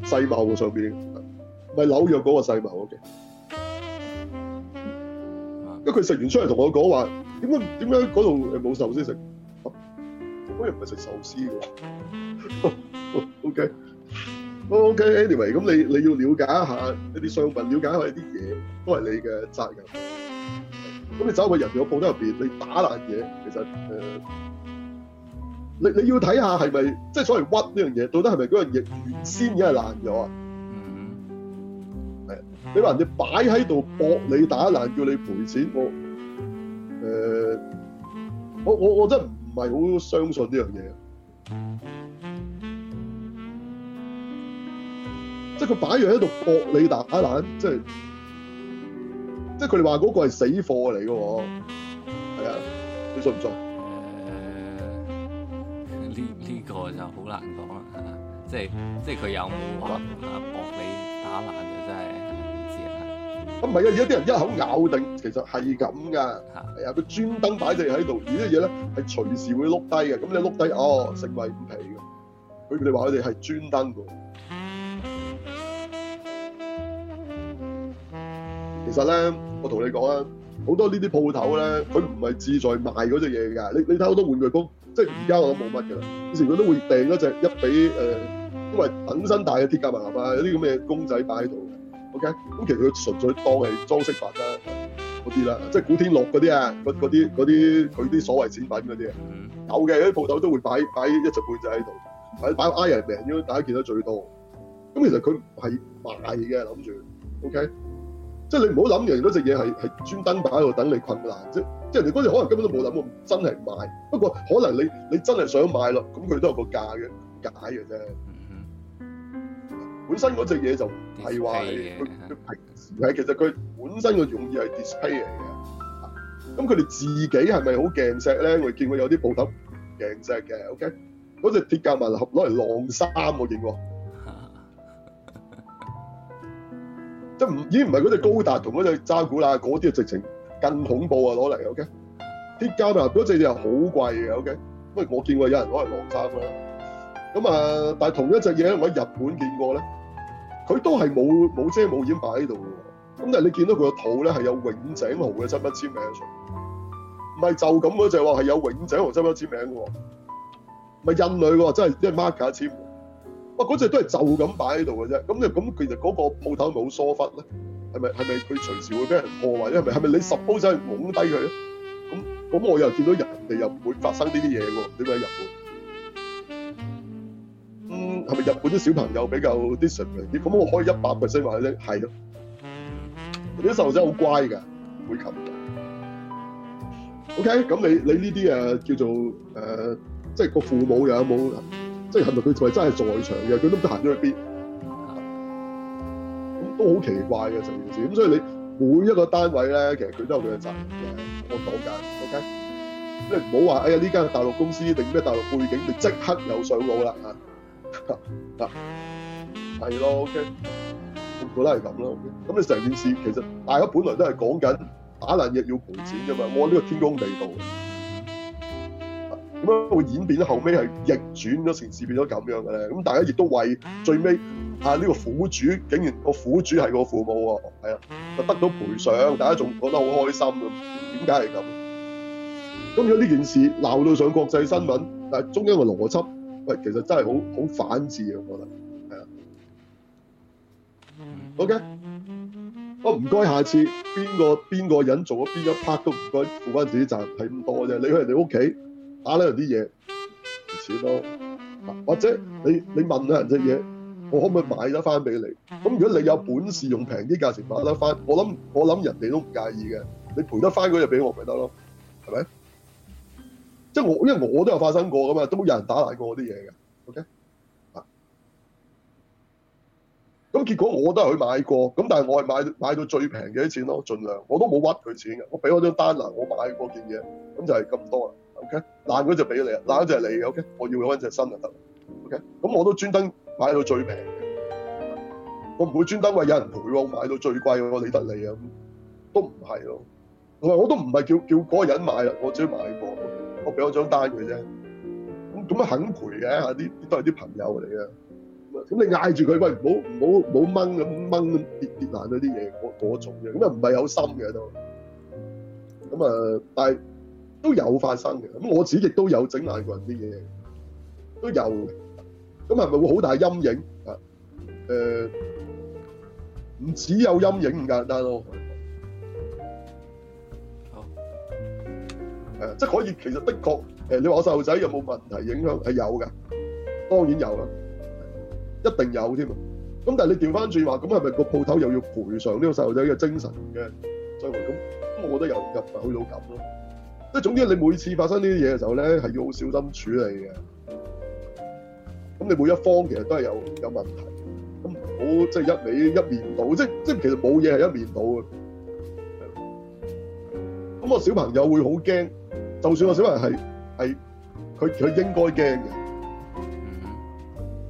世貿嘅上邊，唔係紐約嗰個世貿 OK，佢食、嗯、完出嚟同我講話，點解點解嗰度誒冇壽司食？點解唔係食壽司嘅 ？OK，OK，Anyway，、okay. okay, 咁你你要了解一下一啲商品，了解一下啲嘢都係你嘅責任。咁、啊、你走入人哋個鋪頭入邊，你打爛嘢，其實誒。呃你你要睇下係咪即係所謂屈呢樣嘢，到底係咪嗰樣嘢原先已經係爛咗啊？係、mm hmm. 你話人哋擺喺度搏你打爛，叫你賠錢，我誒、呃，我我我真係唔係好相信呢樣嘢，即係佢擺住喺度搏你打爛，即係即係佢哋話嗰個係死貨嚟嘅喎，係啊，你信唔信？呢呢個就好難講啦，嚇！即係即係佢有冇話搏你打爛嘅真係唔知啊！咁唔係啊，有啲人一口咬定其實係咁噶，係啊，佢專登擺隻喺度，而啲嘢咧係隨時會碌低嘅，咁你碌低哦，成為唔起嘅。佢哋話佢哋係專登嘅。其實咧，我同你講啊。好多這些店呢啲鋪頭咧，佢唔係志在賣嗰隻嘢㗎。你你睇好多玩具公，即係而家我都冇乜㗎啦。以前佢都會訂嗰隻一比誒、呃，因為等身大嘅鐵甲萬能俠啊，有啲咁嘅公仔擺喺度。OK，咁其實佢純粹當係裝飾品啦、啊，嗰啲啦，即係古天樂嗰啲啊，嗰啲啲佢啲所謂展品嗰啲啊，有嘅。啲鋪頭都會擺擺一隻半隻喺度，擺擺 Iron Man，因為大家見得最多。咁其實佢唔係賣嘅，諗住 OK。即係你唔好諗人哋嗰隻嘢係係專登擺喺度等你困難啫，即係人哋嗰隻可能根本都冇諗過真係賣，不過可能你你真係想買咯，咁佢都有個價嘅解嘅啫。嗯、哼本身嗰隻嘢就唔係話佢佢平時，係其實佢本身嘅用意係 display 嚟嘅。咁佢哋自己係咪好鏡石咧？我見過有啲舖頭鏡石嘅，OK。嗰隻鐵架物盒攞嚟晾衫，我見過。唔，已經唔係嗰隻高達同嗰隻渣古啦，嗰啲啊直情更恐怖啊！攞嚟，OK。啲膠泥嗰隻嘢好貴嘅，OK。不過我見過有人攞嚟晾衫啦。咁啊，但係同一隻嘢咧，我喺日本見過咧，佢都係冇冇遮冇掩擺喺度嘅。咁但係你見到佢個肚咧，係有永井豪嘅親筆簽名喺上，唔係就咁嗰隻話係有永井豪親筆簽名嘅唔係印女喎，真係一 marker 簽。哇！嗰隻都係就咁擺喺度嘅啫，咁咧咁其實嗰個鋪頭咪好疏忽咧？係咪係咪，佢隨時會俾人破壞咧？係咪咪，你十鋪仔懵低佢咧？咁咁我又見到人哋又唔會發生呢啲嘢喎？點解日本？嗯，係咪日本啲小朋友比較啲純良啲？咁我可以一百 percent 話佢咧，係咯。啲細路仔好乖㗎，會琴嘅。OK，咁你你呢啲誒叫做誒，即係個父母又有冇？即係咪佢係真係在場嘅？佢都唔得行咗去邊？咁都好奇怪嘅成件事。咁所以你每一個單位咧，其實佢都有佢嘅責任嘅。我講緊，OK？你唔好話，哎呀呢間大陸公司定咩大陸背景，你即刻有上腦啦嚇嚇。係 咯，OK？我覺得都係咁啦。咁、OK？你成件事其實大家本來都係講緊打爛嘢要賠錢啫嘛。我呢個天公地道。咁會演變咧，後尾係逆轉咗，城市變咗咁樣嘅咧。咁大家亦都為最尾，啊，呢個苦主竟然個苦主係個父母啊，係啊，就得到賠償，大家仲覺得好開心嘅。點解係咁？咁如果呢件事鬧到上國際新聞，但係中央嘅邏輯，喂，其實真係好好反智啊，我覺得係啊。OK，我唔該，下次邊個邊個人做咗邊一 part 都唔該負翻自己責任，係咁多啫。你去人哋屋企。打爛啲嘢，唔錢咯，或者你你問下人隻嘢，我可唔可以買得翻俾你？咁如果你有本事用平啲價錢買得翻，我諗我諗人哋都唔介意嘅。你賠得翻嗰隻俾我咪得咯，係咪？即係我因為我都有發生過㗎嘛，都冇有人打爛過我啲嘢嘅。OK，啊，咁結果我都係去買過，咁但係我係買買到最平嘅啲錢咯，儘量我都冇屈佢錢嘅。我俾我張單啦，我買過件嘢，咁就係咁多啦。o、okay? 爛咗就俾你啦，爛咗就係你 OK，我要嘅嗰隻新就得。OK，咁我都專登買到最平嘅，我唔會專登話有人陪我買到最貴我理得你啊？都唔係咯。同埋我都唔係叫叫嗰個人買啦，我只係買貨，我俾我張單佢啫。咁咁啊肯賠嘅嚇，啲都係啲朋友嚟嘅。咁你嗌住佢喂，唔好唔好好掹咁掹跌跌爛嗰啲嘢，我我重嘅，因為唔係有心嘅都。咁啊、呃，但係。都有發生嘅，咁我自己亦都有整爛人啲嘢，都有嘅。咁係咪會好大陰影啊？誒，唔止有陰影咁簡單咯。好，誒，即係可以，其實的確，誒，你話細路仔有冇問題影響係有㗎，當然有啦，一定有添啊。咁但係你調翻轉話，咁係咪個鋪頭又要賠償呢個細路仔嘅精神嘅災難？咁，咁我覺得又入去到咁咯。即係總之，你每次發生呢啲嘢嘅時候咧，係要好小心處理嘅。咁你每一方其實都係有有問題。咁唔好即係一味一面倒，即係即係其實冇嘢係一面倒嘅。咁個小朋友會好驚。就算個小朋友係係佢佢應該驚嘅。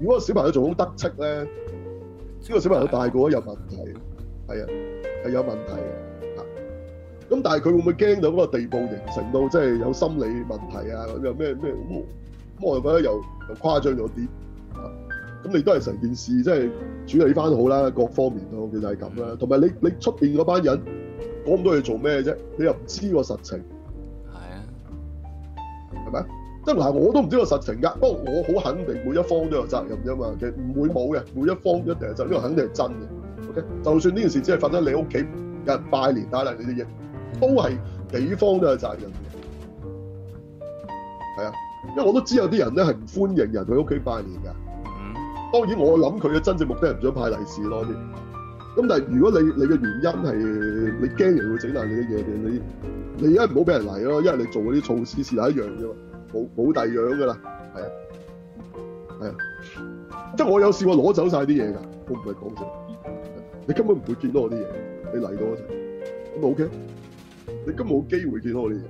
如果個小朋友做好得戚咧，呢個小朋友大個都有問題，係啊係有問題嘅。咁但係佢會唔會驚到嗰個地步，形成到即係、就是、有心理問題啊？又咩咩咁？我又覺得又又誇張咗啲。咁、啊、你都係成件事，即、就、係、是、處理翻好啦，各方面都其實係咁啦。同埋你你出邊嗰班人講咁多嘢做咩啫？你又唔知個實情。係啊。係咪啊？即係嗱，我都唔知個實情㗎。不過我好肯定，每一方都有責任啫嘛。其實唔會冇嘅，每一方一定有責任，呢個肯定係真嘅。OK，就算呢件事只係發生喺你屋企有人拜年，帶嚟你啲嘢。都係地方都有責任嘅，係啊，因為我都知有啲人咧係唔歡迎人去屋企拜年嘅。嗯，當然我諗佢嘅真正目的係唔想派利是咯啲。咁但係如果你你嘅原因係你驚人會整爛你啲嘢嘅，你你而家唔好俾人嚟咯，因為你做嗰啲措施事係一樣啫，冇冇第二樣嘅啦。係啊，係啊，即係我有試過攞走晒啲嘢㗎，我唔係講笑，你根本唔會見到我啲嘢，你嚟到我度咁咪 OK。你今冇機會見到我啲嘢，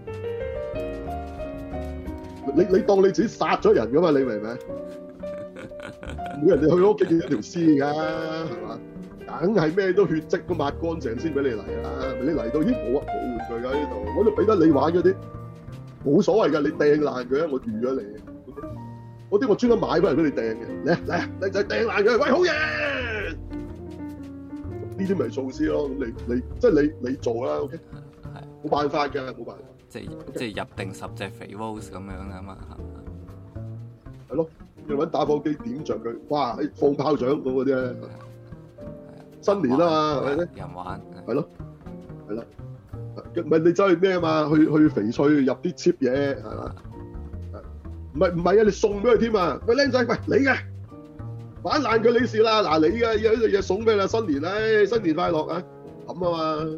你你當你自己殺咗人噶嘛？你明唔明？冇人哋去屋企見一條屍㗎，係嘛？梗係咩都血跡都抹乾淨先俾你嚟啦。咪你嚟到，咦冇啊冇換佢㗎呢度，我就俾得你玩嗰啲，冇所謂噶。你掟爛佢，我預咗你。嗰啲我專登買返嚟俾你掟嘅，嚟嚟嚟靚仔掟爛佢。喂，好嘢！呢啲咪措施咯，你你即係你你做啦，OK。冇辦法㗎，冇辦法。即係即係入定十隻肥 rose 咁樣啊嘛，係咯。要揾打火機點著佢，哇！你放炮仗咁嗰啲啊，新年啊嘛，係咪先？人玩係咯，係啦。唔係你走去咩嘛？去去翡翠入啲 cheap 嘢係嘛？唔係唔係啊！你送俾佢添啊！喂，僆仔，喂你嘅，玩爛佢你試啦。嗱你嘅有呢樣嘢送俾啦？新年唉，新年快樂啊！咁啊嘛。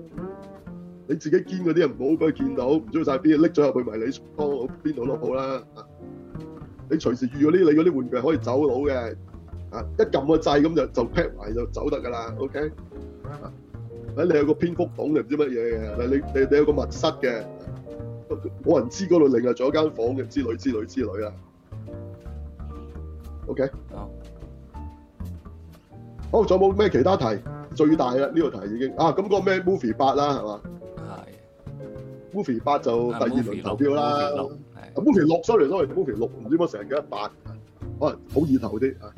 你自己堅嗰啲人唔好俾佢見到，唔知去曬邊，拎咗入去迷你倉邊度都好啦。你隨時預咗啲你嗰啲玩具可以到一一走佬嘅，啊一撳個掣咁就就劈埋就走得㗎啦。OK，啊，你有個蝙蝠洞，你唔知乜嘢嘅，嗱你你你有個密室嘅，冇人知嗰度另外仲有間房嘅，之類之類之類啦。OK，好，仲有冇咩其他題最大啊？呢個題已經啊，咁嗰個咩 movie 八啦，係嘛？Movie 八就第二輪投票啦，咁 Movie 落收嚟都係 Movie 六，唔知乜成幾多八，可能好意頭啲啊。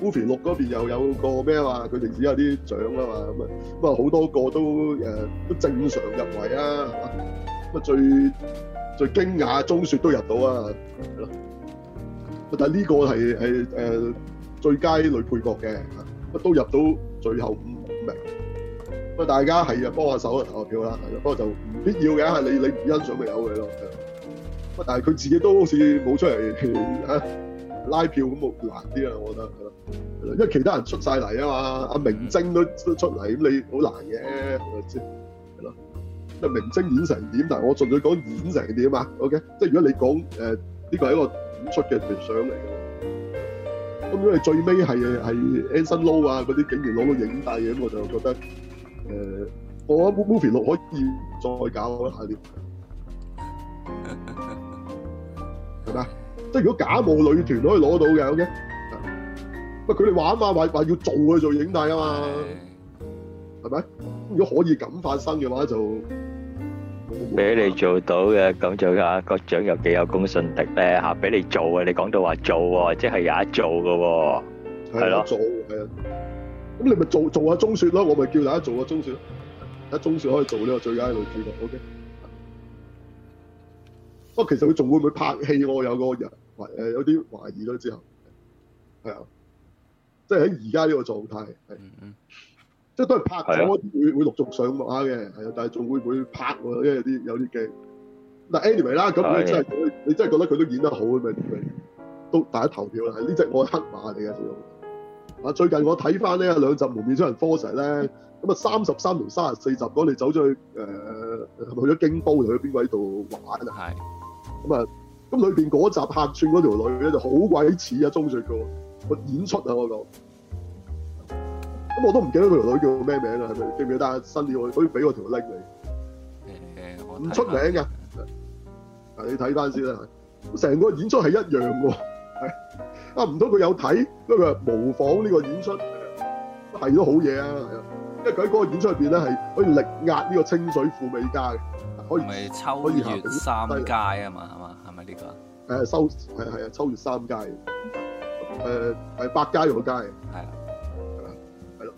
Movie 六嗰邊又有個咩啊，佢哋只有啲獎啊嘛，咁啊咁啊好多個都都正常入圍啊，咁啊最最驚訝，中雪都入到啊，咯，但呢個係最佳女配角嘅，乜都入到最後五名。大家係啊，幫下手啊，投下票啦。不過就唔必要嘅，係你你唔欣賞咪由佢咯。不但係佢自己都好似冇出嚟 拉票咁，難啲啊，我覺得。因為其他人出晒嚟啊嘛，阿明星都都出嚟，咁你好難嘅，係咯。即明星演成點？但係我儘量講演成點啊嘛。OK，即係如果你講誒呢、呃呢個係一個演出嘅場景嚟嘅，咁如果為最尾係係 Anson Lo 啊嗰啲竟然攞到影帝，咁我就覺得。誒，我諗 Movie 六可以再搞一下啲，係咪？即係如果假冒女團可以攞到嘅，好嘅。唔係佢哋玩啊嘛，話話要做嘅做影帝啊嘛，係咪？如果可以咁發生嘅話，就俾你做到嘅。咁仲啊個獎又幾有公信力咧吓？俾你做啊！你講到話做，即係有一做嘅，係咯，做係啊。咁你咪做做下鐘雪咯，我咪叫大家做下鐘雪，喺鐘雪可以做呢個最佳女主角，OK？不過其實佢仲會唔會拍戲我有個人懷，誒有啲懷疑咗，之後係啊，即係喺而家呢個狀態，嗯即係都係拍咗、mm hmm. 會會陸續上畫嘅，係啊，但係仲會唔會拍因為有啲有啲嘅，嗱 anyway 啦，咁你真係、mm hmm. 你真係覺得佢都演得好咁咪咪都大家投票啦，呢隻我係黑馬嚟嘅，啊！最近我睇翻呢兩集蒙面人科呢《蒙面超人》course 咧，咁啊三十三同三十四集，我你走咗去誒，係咪去咗京都定去咗邊鬼度玩啊？係是的、嗯。咁啊，咁裏邊嗰集客串嗰條女咧就好鬼似啊，鍾雪噶喎，個演出啊，我講。咁、嗯、我都唔記得佢條女叫咩名啊？係咪記唔記得？但係新料可以俾我條 link 你。誒、呃，我唔出名噶。啊，你睇翻先啦，成個演出係一樣喎。啊，唔通佢有睇，不過佢係模仿呢個演出，係都好嘢啊！係啊，因為佢喺嗰個演出入邊咧係可以力壓呢個清水富美加，嘅，可以。咪秋月三介啊嘛，係嘛，係咪呢個？誒，收係係啊，秋月三介，誒係八家有街嘅，係啦的，係啦，係咯。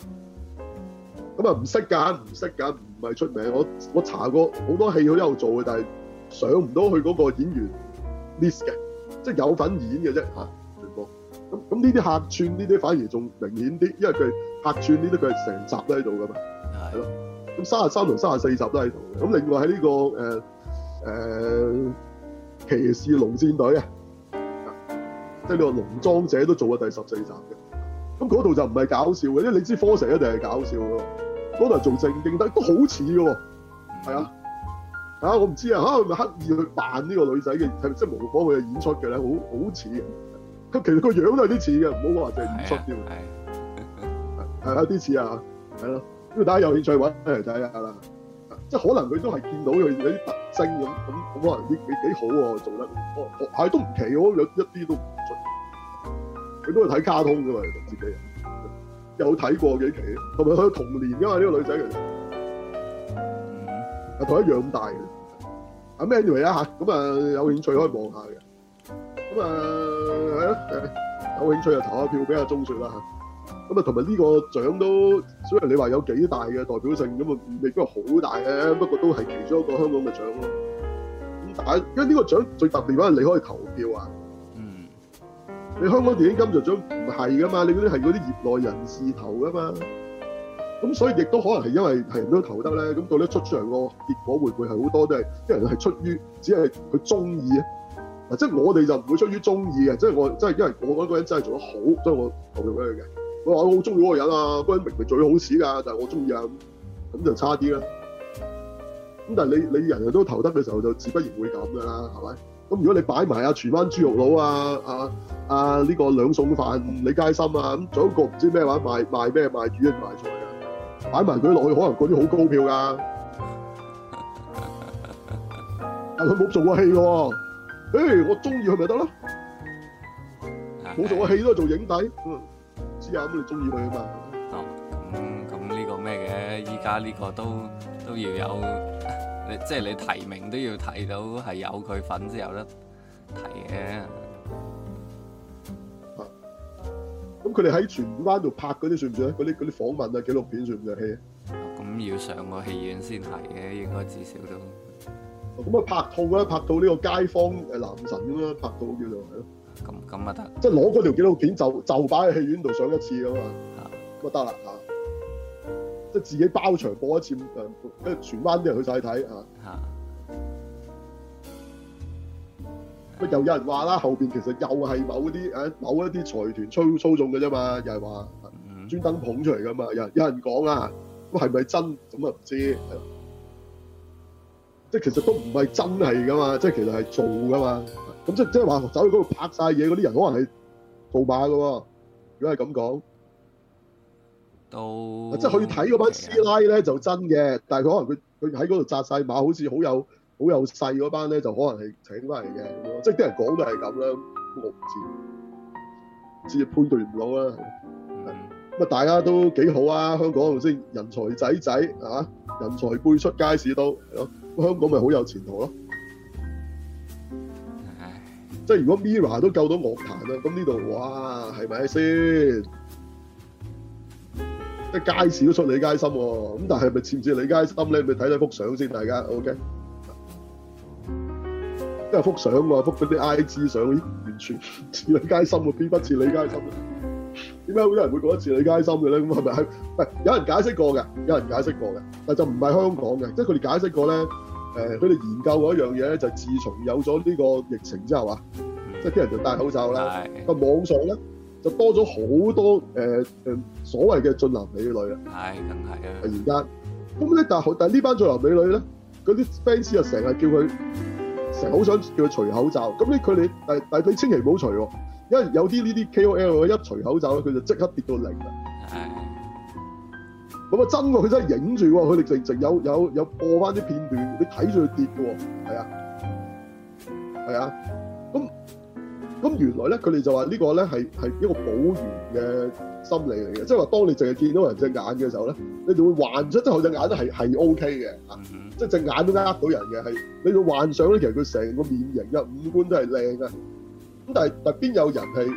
咁啊，唔識㗎，唔識㗎，唔係出名。我我查過好多戲佢都有做嘅，但係上唔到去嗰個演員 list 嘅，即係有份演嘅啫嚇。咁咁呢啲客串呢啲反而仲明顯啲，因為佢客串呢啲佢係成集都喺度噶嘛，係咯的。咁三十三同三十四集都喺度，咁另外喺呢、這個誒誒、呃呃、騎士龍戰隊啊，即係呢個龍裝者都做咗第十四集嘅。咁嗰度就唔係搞笑嘅，因為你知科神一定係搞笑咯。嗰度做正經得都好似嘅喎，係、嗯、啊？啊我唔知啊，嚇係咪刻意去扮呢個女仔嘅，即係模仿佢嘅演出嘅咧，好好似。其實個樣都係啲似嘅，唔好話淨係演出，係有啲似啊，係咯、啊，咁、 啊、大家有興趣揾嚟睇下啦。即係可能佢都係見到佢有啲特徵咁，咁咁能幾幾幾好喎、啊，做得學派、嗯嗯嗯、都唔奇喎、啊，一啲都唔出。佢都係睇卡通嘅嘛，自己有睇過幾期，同埋佢童年因嘛呢個女仔其實係同一樣大嘅。Anyway 啊嚇，咁啊有興趣可以望下嘅。咁啊，係咯，誒，有興趣就投下票俾阿鐘雪啦。咁、嗯、啊，同埋呢個獎都雖然你話有幾大嘅代表性，咁啊未必係好大嘅，不過都係其中一個香港嘅獎咯。咁但係因為呢個獎最特別，可能你可以投票啊。嗯。你香港電影金像獎唔係噶嘛？你嗰啲係嗰啲業內人士投噶嘛？咁所以亦都可能係因為係人都投得咧，咁到底出出嚟個結果會唔會係好多都係因為係出於只係佢中意啊？即係我哋就唔會出於中意嘅，即係我，即係因為我嗰個人真係做得好，所以我投咗佢嘅。我話我好中意嗰個人啊，嗰人明明最好屎㗎，但係我中意啊，咁就差啲啦。咁但係你你人人都投得嘅時候，就自不然會咁嘅啦，係咪？咁如果你擺埋阿全班豬肉佬啊啊啊呢，這個兩餸飯李佳芯啊，咁仲有一個唔知咩話賣賣咩賣魚定賣菜啊，擺埋佢落去，可能嗰啲好高票㗎。但佢冇做過戲喎。誒、欸，我中意佢咪得咯，冇的做個戲都做影帝，知啊？咁你中意佢啊嘛？哦，咁咁呢個咩嘅？依家呢個都都要有，你即係你提名都要提到係有佢份先有得提嘅。咁佢哋喺荃灣度拍嗰啲算唔算？嗰啲嗰啲訪問啊，紀錄片算唔算戲啊？咁、哦、要上個戲院先係嘅，應該至少都。咁啊拍套咧，拍到呢個街坊誒男神咁啦，拍到叫做係咯。咁咁啊得，即係攞嗰條紀錄片就就擺喺戲院度上一次啊嘛。嚇的，咁得啦嚇，即係自己包場播一次誒，跟住全班啲人去晒睇嚇。嚇，咪的又有人話啦，後邊其實又係某啲誒某一啲財團操操，操縱嘅啫嘛，又係話專登捧出嚟㗎嘛，有人有人講啊，咁係咪真咁啊唔知。即係其實都唔係真係噶嘛，即係其實係做噶嘛。咁即即係話走去嗰度拍晒嘢嗰啲人，可能係套馬噶喎。如果係咁講，都到即係去睇嗰班師奶咧就真嘅，但係佢可能佢佢喺嗰度紮晒馬，好似好有好有勢嗰班咧，就可能係請翻嚟嘅。即係啲人講都係咁啦，我唔知，只判斷唔到啦。咁啊，大家都幾好啊！香港度先人才仔仔啊，人才輩出，街市都。係咯。香港咪好有前途咯？即係如果 Mirror 都救到樂壇啦，咁呢度哇，係咪先？即係街市都出李佳芯喎。咁但係咪似唔似李佳芯咧？咪睇睇幅相先，大家 OK。因為幅相喎，幅嗰啲 IG 相，完全似李佳芯喎，邊不似李佳芯咧？點解好多人會覺得似李佳芯嘅咧？咁係咪係？唔係，有人解釋過嘅，有人解釋過嘅，但係就唔係香港嘅，即係佢哋解釋過咧。誒佢哋研究嗰一樣嘢咧，就係、自從有咗呢個疫情之後啊，即係啲人就戴口罩啦，個的網上咧就多咗好多誒誒、呃、所謂嘅俊男美女啦。係的，梗係啦。突然間咁咧，但但係呢班俊男美女咧，嗰啲 fans 啊，成日叫佢成日好想叫佢除口罩。咁咧佢哋但係但係你千祈唔好除喎，因為有啲呢啲 K O L 啊，一除口罩咧，佢就即刻跌到零啦。係。咁啊真喎，佢真係影住喎，佢哋直直有有有播翻啲片段，你睇住佢跌嘅喎，係啊，係啊，咁咁原來咧佢哋就話呢個咧係係一個保元嘅心理嚟嘅，即係話當你淨係見到人隻眼嘅時候咧，你就會幻咗之後隻眼都係係 OK 嘅，嚇，即係隻眼都呃到人嘅，係你個幻想咧其實佢成個面型啊五官都係靚嘅，咁但係但邊有人係？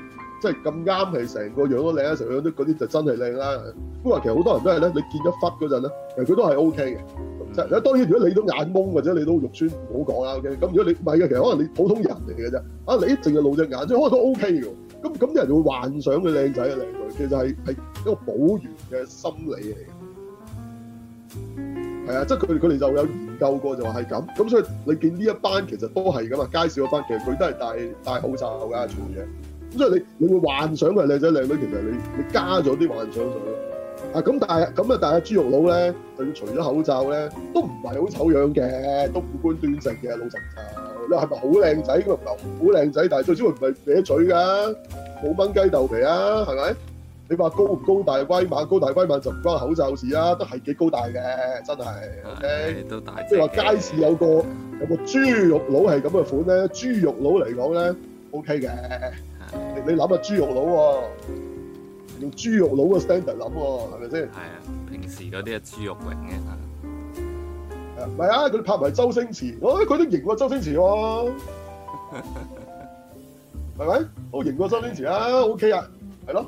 即係咁啱，係成個樣都靚啦，成個樣都嗰啲就真係靚啦。咁話其實好多人都係咧，你見咗忽嗰陣咧，其實佢都係 O K 嘅。咁即係當然，如果你都眼矇或者你都肉酸，唔好講啦。OK，咁如果你唔係嘅，其實可能你普通人嚟嘅啫。啊，你一定要露隻眼睛，可能都 O K 嘅。咁咁啲人就會幻想佢靚仔啊，靚女，其實係係一個補完嘅心理嚟嘅。係啊，即係佢佢哋就有研究過，就話係咁。咁所以你見呢一班其實都係噶嘛，介紹嗰班其實佢都係戴戴口罩㗎做嘢。咁所以你你會幻想佢係靚仔靚女，其實你你加咗啲幻想上去。啊咁，但係咁啊，但係豬肉佬咧，就除咗口罩咧，都唔係好醜樣嘅，都五官端正嘅，老實就你係咪好靚仔？咁啊，好靚仔，但係最主要唔係歪嘴㗎，冇蚊雞豆皮啊，係咪？你話高唔高大威猛？高大威猛就唔關口罩事啦、啊，都係幾高大嘅，真係。係、哎、都大隻，即係話街市有個有個豬肉佬係咁嘅款咧，豬肉佬嚟講咧 OK 嘅。你你諗下豬肉佬喎、啊，用豬肉佬嘅 standard 諗喎、啊，係咪先？係啊，平時嗰啲啊豬肉榮嘅係，唔係啊？佢、啊、拍埋周星馳，我佢都型過周星馳喎、啊，係咪、 啊？我型過周星馳啊，OK 啊，係咯、啊、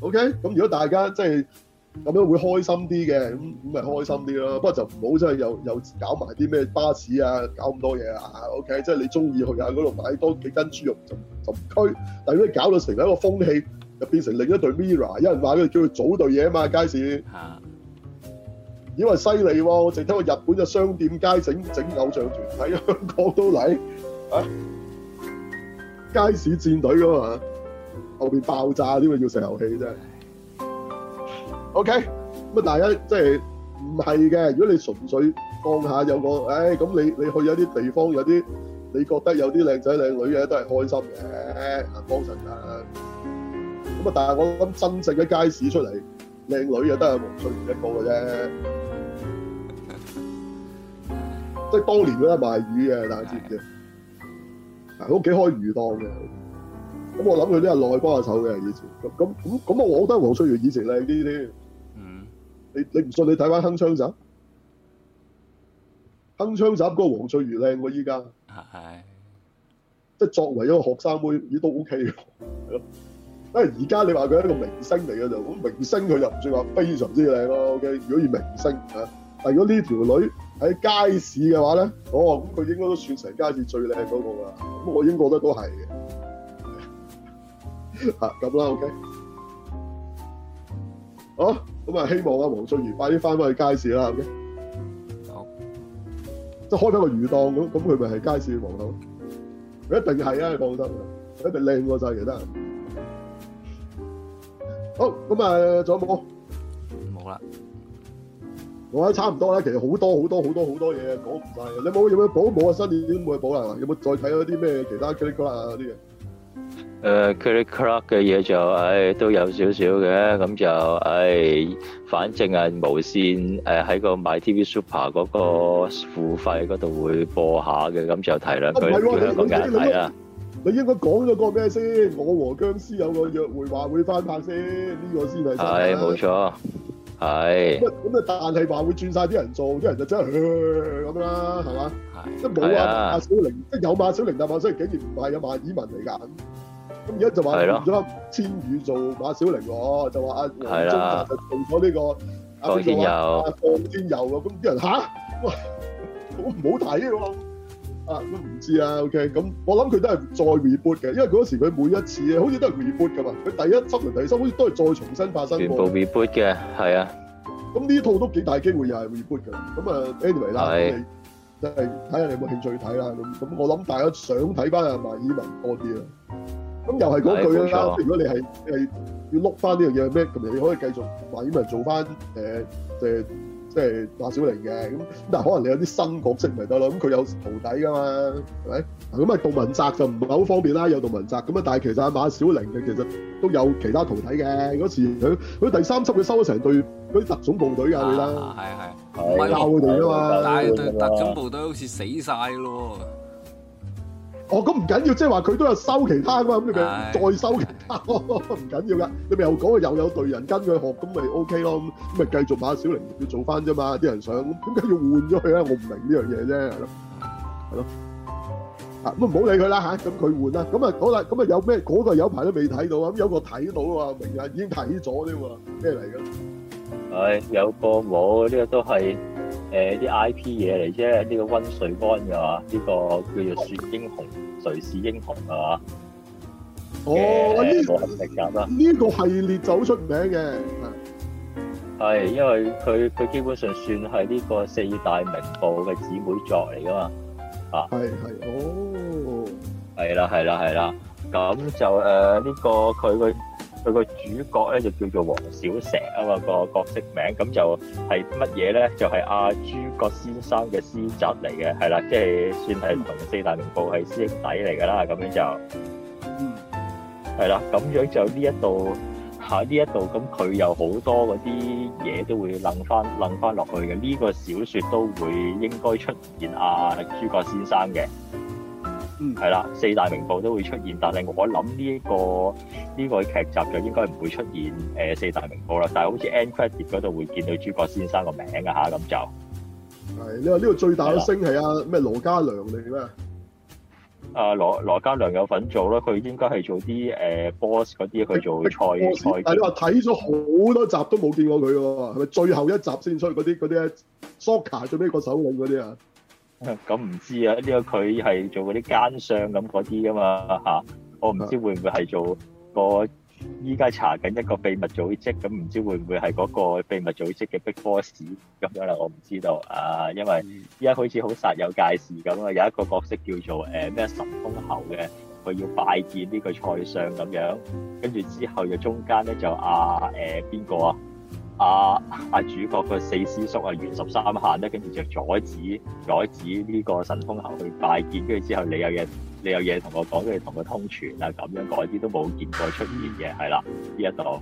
OK。咁如果大家即係。咁樣會開心啲嘅，咁咁咪開心啲咯。不過就唔好真係又又搞埋啲咩巴士啊，搞咁多嘢啊。OK，即係你中意去下嗰度買多幾斤豬肉就就唔拘。但如果你搞到成為一個風氣，就變成另一隊 MIRROR。有人話佢叫佢組隊嘢啊嘛，街市嚇。咦、啊？話犀利喎，我淨睇過日本嘅商店街整整偶像團喺香港都嚟啊！街市戰隊㗎嘛，後面爆炸啲喎，要成遊戲啫？O K，咁啊，第一、okay? 即係唔係嘅。如果你純粹放下有個，唉、哎，咁你你去一啲地方有啲，你覺得有啲靚仔靚女嘅都係開心嘅，幫襯啊！咁啊，但係我諗真正嘅街市出嚟，靚女嘅都係黃翠如一個嘅啫。 即係當年咧賣魚嘅，大家知唔知？嗱，屋企開魚檔嘅。咁我諗佢啲係內瓜手嘅，以前咁咁咁咁，我覺得黃翠如以前靚啲添。嗯，你你唔信你睇翻《鏗鏘集》《鏗鏘集》嗰個黃翠如靚喎，依家係即係作為一個學生妹，咦都 OK 係咯。而 家你話佢係一個明星嚟嘅就咁明星佢又唔算話非常之靚咯。OK，如果以明星，但如果呢條女喺街市嘅話咧，哦，咁佢應該都算成街市最靚嗰個噶。咁我已經覺得都係嘅。吓咁啦，OK。好，咁啊，希望阿黃俊如快啲翻翻去街市啦，OK。好，即係開咗個魚檔咁，咁佢咪係街市嘅黃豆？佢一定係啊，講得，一定靚過晒其他。好，咁啊，仲有冇？冇啦，我得差唔多啦。其實好多好多好多好多嘢講唔晒。你冇有冇？補？冇啊，新年都冇去補啦。有冇再睇咗啲咩其他雞哩哥啦啊啲嘢？誒 critical 嘅嘢就，唉、哎，都有少少嘅，咁就，唉、哎，反正係無線誒喺、哎、個 my TV Super 嗰個付費嗰度會播一下嘅，咁就提兩句，咁解睇啊？說你應該講咗個咩先？我和僵屍有個約會話會翻拍先，呢、這個先係。係冇錯，係。咁啊，但係話會轉晒啲人做，啲人就真係咁啦，係嘛？即冇阿阿小玲，即有馬小玲但嘛，所以竟然唔係有馬以文嚟噶。咁而家就話換咗千羽做馬小玲喎，就話阿黃宗澤就做咗呢個阿天佑，阿況天佑喎，咁啲人嚇，喂，好唔好睇啊？啊，都唔知啊。OK，咁我諗佢都係再 reboot 嘅，因為嗰時佢每一次咧，好似都係 reboot 噶嘛。佢第一輯同第二輯好似都係再重新發生過。全部 reboot 嘅，係啊。咁呢套都幾大機會又係 reboot 㗎。咁啊，anyway 啦，即係睇下你有冇興趣睇啦。咁我諗大家想睇翻就係馬爾文多啲啊。咁又係嗰句啦，如果你係係要碌翻呢樣嘢，咩咁你可以繼續，或者咪做翻誒誒，即係馬小玲嘅咁，但係可能你有啲新角色咪得咯，咁佢有徒弟㗎嘛，係咪？咁啊杜汶澤就唔係好方便啦，有杜汶澤咁啊，但係其實阿馬小玲嘅其實都有其他徒弟嘅，嗰時佢佢第三輯佢收咗成隊嗰啲特種部隊啊，你啦，係係，教佢哋㗎嘛，但係特種部隊好似死曬咯。哦，咁唔緊要，即係話佢都有收其他噶嘛，咁你咪再收其他咯，唔緊要噶，你咪又講又又有隊人跟佢學，咁咪 OK 咯，咁咪繼續馬小玲要做翻啫嘛，啲人想，咁點解要換咗佢咧？我唔明呢樣嘢啫，係咯，係咯，啊，咁唔好理佢啦嚇，咁佢換啦，咁啊好啦，咁啊有咩？嗰個有排都未睇到啊，咁有個睇到啊，明日已經睇咗添喎，咩嚟噶？誒，有個冇，呢個都係。誒，啲 I P 嘢嚟啫，呢、這個溫瑞安嘅嘛，呢、這個叫做《說英雄誰是英雄》啊，哦，呢個系列啦，呢個系列走出名嘅，係因為佢佢基本上算係呢個四大名捕嘅姊妹作嚟噶嘛，啊，係係哦，係啦係啦係啦，咁就誒呢、呃這個佢佢。佢個主角咧就叫做王小石啊嘛，個角色名咁就係乜嘢咧？就係阿諸葛先生嘅師侄嚟嘅，係啦，即係算係同四大名捕係師兄弟嚟噶啦，咁樣就，嗯，係啦，咁樣就呢一度，喺呢一度咁佢有好多嗰啲嘢都會掹翻掹翻落去嘅，呢個小說都會應該出現阿諸葛先生嘅。嗯，係啦，四大名捕都會出現，但係我諗呢一個呢、這個劇集就應該唔會出現誒、呃、四大名捕啦，但係好似 end credit 嗰度會見到諸葛先生個名噶吓、啊，咁就係你話呢個最大嘅星係阿咩羅嘉良定係咩啊？誒羅羅嘉良、啊、有份做啦，佢應該係做啲誒、呃、boss 嗰啲，佢做賽賽。的賽但你話睇咗好多集都冇見過佢喎，係咪最後一集先出去啲嗰啲 soccer 做咩？個首領嗰啲啊？咁唔知啊？呢個佢係做嗰啲奸商咁嗰啲噶嘛？嚇，我唔知會唔會係做個依家查緊一個秘密組織咁，唔知會唔會係嗰個秘密組織嘅 big boss 咁樣啦？我唔知道啊，因為依家好似好煞有介事咁啊！有一個角色叫做誒咩神風侯嘅，佢要拜見呢個蔡相咁樣，跟住之後嘅中間咧就阿誒邊個啊？阿阿、啊、主角個四師叔啊，元十三限咧，跟住就阻止阻止呢個神通行去拜見，跟住之後你有嘢，你有嘢同我講，跟住同佢通傳啊，咁樣嗰啲都冇見過出現嘅，係啦，呢一度。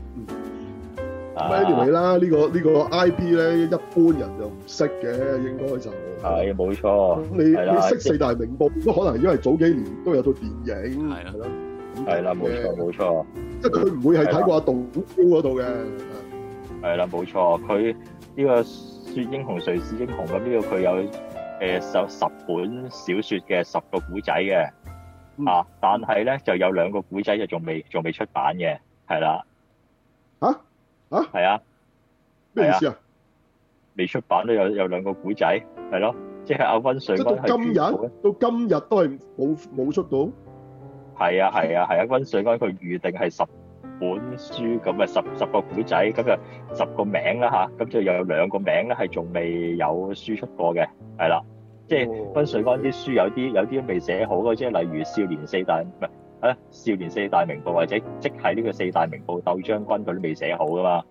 嗯，一條尾啦，呢、這個呢、這個 IP 咧，一般人就唔識嘅，應該就係冇、啊、錯。你的你識四大名捕都可能，因為早幾年都有套電影，係咯的，係啦的，冇錯冇錯，錯即係佢唔會係睇過阿杜小彪嗰度嘅。啊啊。係啦，冇錯，佢呢個說英雄誰是英雄咁呢個佢有誒十十本小說嘅十個古仔嘅啊，但係咧就有兩個古仔就仲未仲未出版嘅，係啦。吓吓係啊，咩意思啊？未出版都有有兩個古仔，係咯，即係阿溫水江係預到今日，到今日都係冇冇出到。係啊係啊係啊，溫水江佢預定係十。本書，咁啊十十個古仔，咁啊十個名啦吓，咁、啊、就又有兩個名咧係仲未有輸出過嘅，係啦，mm. 即係溫瑞安啲書有啲有啲都未寫好嘅，即係例如少年四大唔係啊，少年四大名捕，或者即係呢個四大名捕鬥將軍佢都未寫好噶嘛。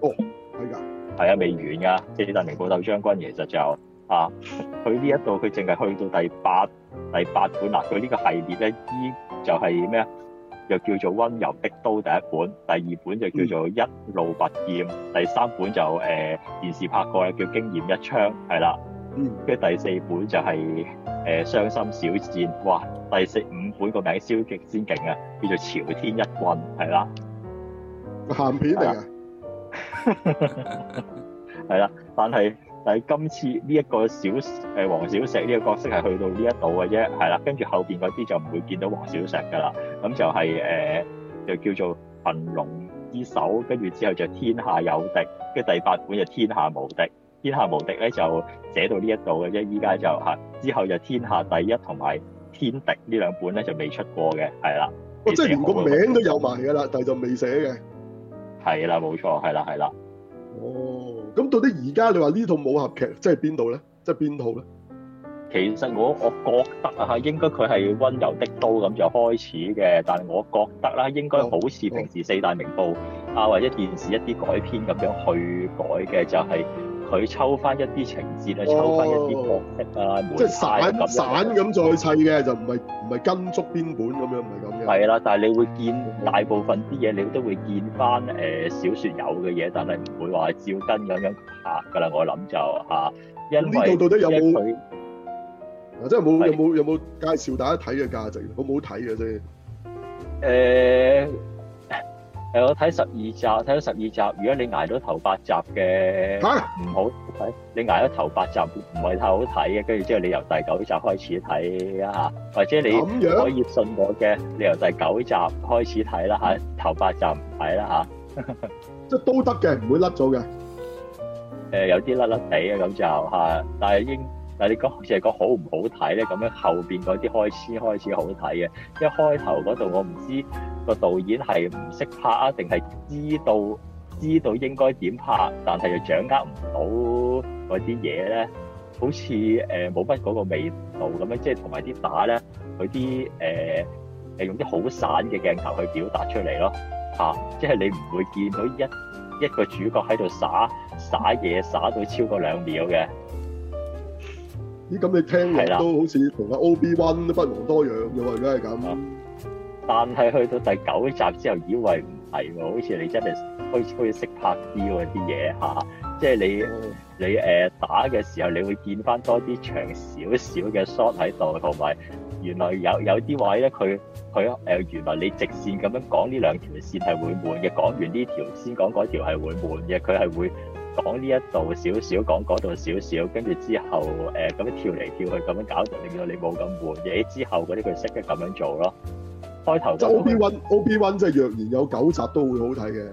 哦、oh. oh.，係㗎，係啊，未完㗎，即係四大名捕鬥將軍其實就啊，佢呢一度佢淨係去到第八第八本嗱，佢、啊、呢個系列咧依就係咩啊？就叫做溫柔的刀第一本，第二本就叫做一路拔劍，第三本就誒電視拍過嘅叫驚艷一槍，係啦，跟住、嗯、第四本就係、是、誒、呃、傷心小戰，哇，第四五本個名消極先勁啊，叫做朝天一棍，係啦，鹹片嚟啊，係啦， 但係。但係今次呢一個小誒黃小石呢個角色係去到呢一度嘅啫，係啦，跟住後邊嗰啲就唔會見到黃小石㗎啦。咁就係、是、誒、呃，就叫做群龍之首，跟住之後就是、天下有敵，跟住第八本就是、天下無敵。天下無敵咧就寫到呢一度嘅啫，依家就嚇之後就是、天下第一同埋天敵呢兩本咧就未出過嘅，係啦。哇、哦！即係連個名都有埋㗎啦，但係就未寫嘅。係啦，冇錯，係啦，係啦。哦。咁到底而家你話呢套武俠劇即係邊度呢？即係邊套呢？其實我我覺得啊，應該佢係《温柔的刀》咁就開始嘅，但係我覺得啦，應該好似平時四大名捕、哦哦、啊或者電視一啲改編咁樣去改嘅，就係、是。佢抽翻一啲情節啊，抽翻一啲角色啊，哦、台即係散的散咁再砌嘅，就唔係唔係跟足邊本咁樣的，唔係咁樣。係啦，但係你會見大部分啲嘢，你都會見翻誒小説有嘅嘢，但係唔會話照跟咁樣拍㗎啦。我諗就啊，呢度、嗯、為到底有冇嗱？即係冇的有冇有冇介紹？大家睇嘅價值，好唔好睇嘅啫。誒、呃。誒，我睇十二集，睇咗十二集。如果你挨到頭八集嘅，唔好睇。你挨到頭八集唔係太好睇嘅，跟住之後你由第九集開始睇啊吓，或者你可以信我嘅，你由第九集開始睇啦吓，頭八集唔睇啦吓。即係都得嘅，唔會甩咗嘅。誒，有啲甩甩地啊，咁就吓，但係應。嗱，但你講成日講好唔好睇咧，咁樣後邊嗰啲開始開始好睇嘅，一開頭嗰度我唔知個導演係唔識拍啊，定係知道知道應該點拍，但係又掌握唔到嗰啲嘢咧，好似誒冇乜嗰個味道咁樣，即係同埋啲打咧，佢啲誒誒用啲好散嘅鏡頭去表達出嚟咯，嚇、啊，即係你唔會見到一一個主角喺度耍耍嘢耍到超過兩秒嘅。咦，咁你聽落都好似同阿 OB One 不遑多讓，的又話如果係咁，但係去到第九集之後，以為唔係喎，好似你真係好似可以識拍啲喎啲嘢吓，即係你，嗯，你誒，呃，打嘅時候，你會見翻多啲長少少嘅 shot 喺度，同埋原來有有啲位咧，佢佢誒原來你直線咁樣講呢兩條線係會悶嘅，講完呢條先講嗰條係會悶嘅，佢係會。講呢一度少少，講嗰度少少，跟住之後誒咁樣跳嚟跳去，咁樣搞就令到你冇咁悶。誒，之後嗰啲佢識得咁樣做咯。開頭即係 Obi-Wan，Obi-Wan 即係若然有九集都會好睇嘅。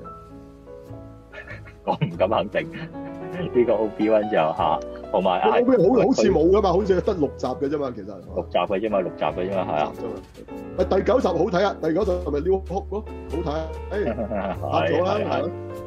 我唔敢肯定呢個 Obi-Wan 就吓，同埋 O B 好好似冇噶嘛，好似得六集嘅啫嘛，其實六集嘅啫嘛，六集嘅啫嘛係啊。咪第九集好睇啊，第九集係咪 New Hope 咯？好睇啊，拍咗啦。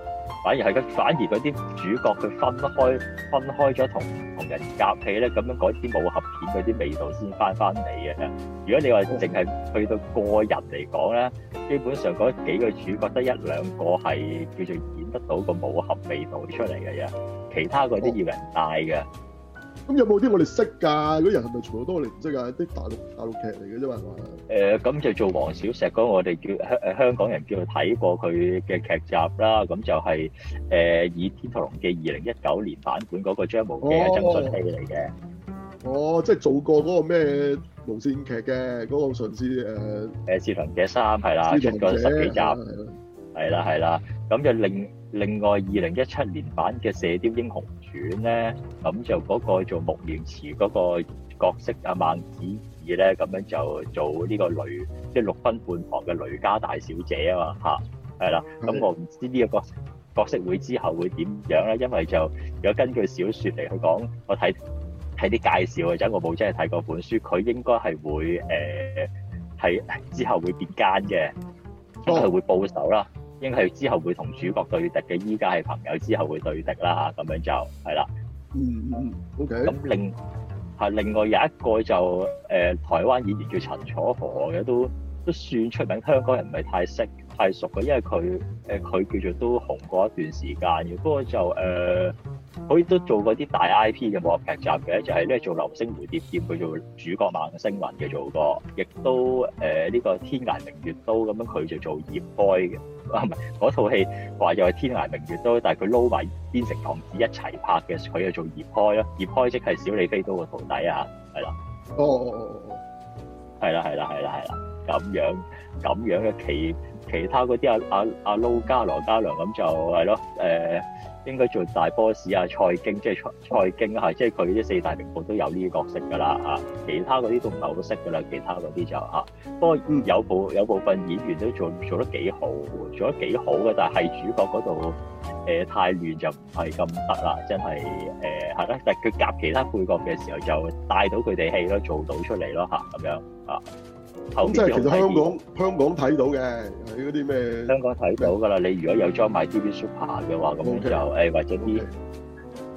反而係佢，反而啲主角佢分開分開咗同同人夾戲咧，咁樣嗰啲武俠片嗰啲味道先翻翻嚟嘅。如果你話淨係去到個人嚟講咧，基本上嗰幾個主角得一兩個係叫做演得到個武俠味道出嚟嘅啫，其他嗰啲要人帶嘅。咁有冇啲我哋識㗎？嗰人係咪全部都我哋唔識啊？啲大陸大陸劇嚟嘅啫嘛。誒，咁、呃、就做王小石嗰、那個，我哋叫香誒香港人叫佢睇過佢嘅劇集啦。咁就係、是、誒、呃、《倚天屠龍記》二零一九年版本嗰個張無忌嘅曾舜晞嚟嘅。哦，即係做過嗰個咩無線劇嘅嗰、那個上司誒誒《使徒、呃、行者》三係、呃、啦，出過十幾集。係啦，係啦，咁就另另外二零一七年版嘅《射鵰英雄傳》咧，咁就嗰個做穆念慈嗰個角色阿孟子義咧，咁樣就做呢個雷，即係六分半堂嘅雷家大小姐啊嘛，吓係啦。咁我唔知呢個角角色會之後會點樣咧，因為就如果根據小說嚟去講，我睇睇啲介紹嘅，因為我冇真係睇過本書，佢應該係會誒係係之後會變奸嘅，咁係會報仇啦。應該係之後會同主角對敵嘅，依家係朋友，之後會對敵啦，咁樣就係啦。嗯嗯、mm hmm.，OK。咁另係另外有一個就誒、呃、台灣演員叫陳楚河嘅，都都算出名，香港人唔係太識太熟嘅，因為佢誒佢叫做都紅過一段時間嘅，不過就誒。呃好似都做過啲大 I P 嘅武俠劇集嘅，就係、是、咧做《流星蝴蝶劍》，佢做主角孟星雲嘅做過，亦都誒呢、呃這個《天涯明月刀》咁樣，佢就做葉開嘅，啊唔係嗰套戲話就係《天涯明月刀》，但係佢撈埋邊城浪子一齊拍嘅，佢就做葉開咯。葉開即係小李飛刀嘅徒弟、oh. 啊，係、啊、啦。哦、啊，係、啊、啦，係、啊、啦，係、啊、啦，係、啊、啦，咁樣咁樣嘅其其他嗰啲阿阿阿撈家羅嘉良咁就係咯，誒。呃應該做大 boss 啊，蔡京即係蔡蔡京啊，即係佢啲四大名捕都有呢個角色噶啦啊，其他嗰啲都唔係好識噶啦，其他嗰啲就啊，不過有部有部分演員都做做得幾好，做得幾好嘅，但係主角嗰度誒太亂就唔係咁得啦，真係誒係啦，但係佢夾其他配角嘅時候就帶到佢哋戲咯，做到出嚟咯嚇咁樣啊。即係其實香港香港睇到嘅，喺嗰啲咩？香港睇到㗎啦！你如果有裝埋 TV Super 嘅話，咁就誒或者啲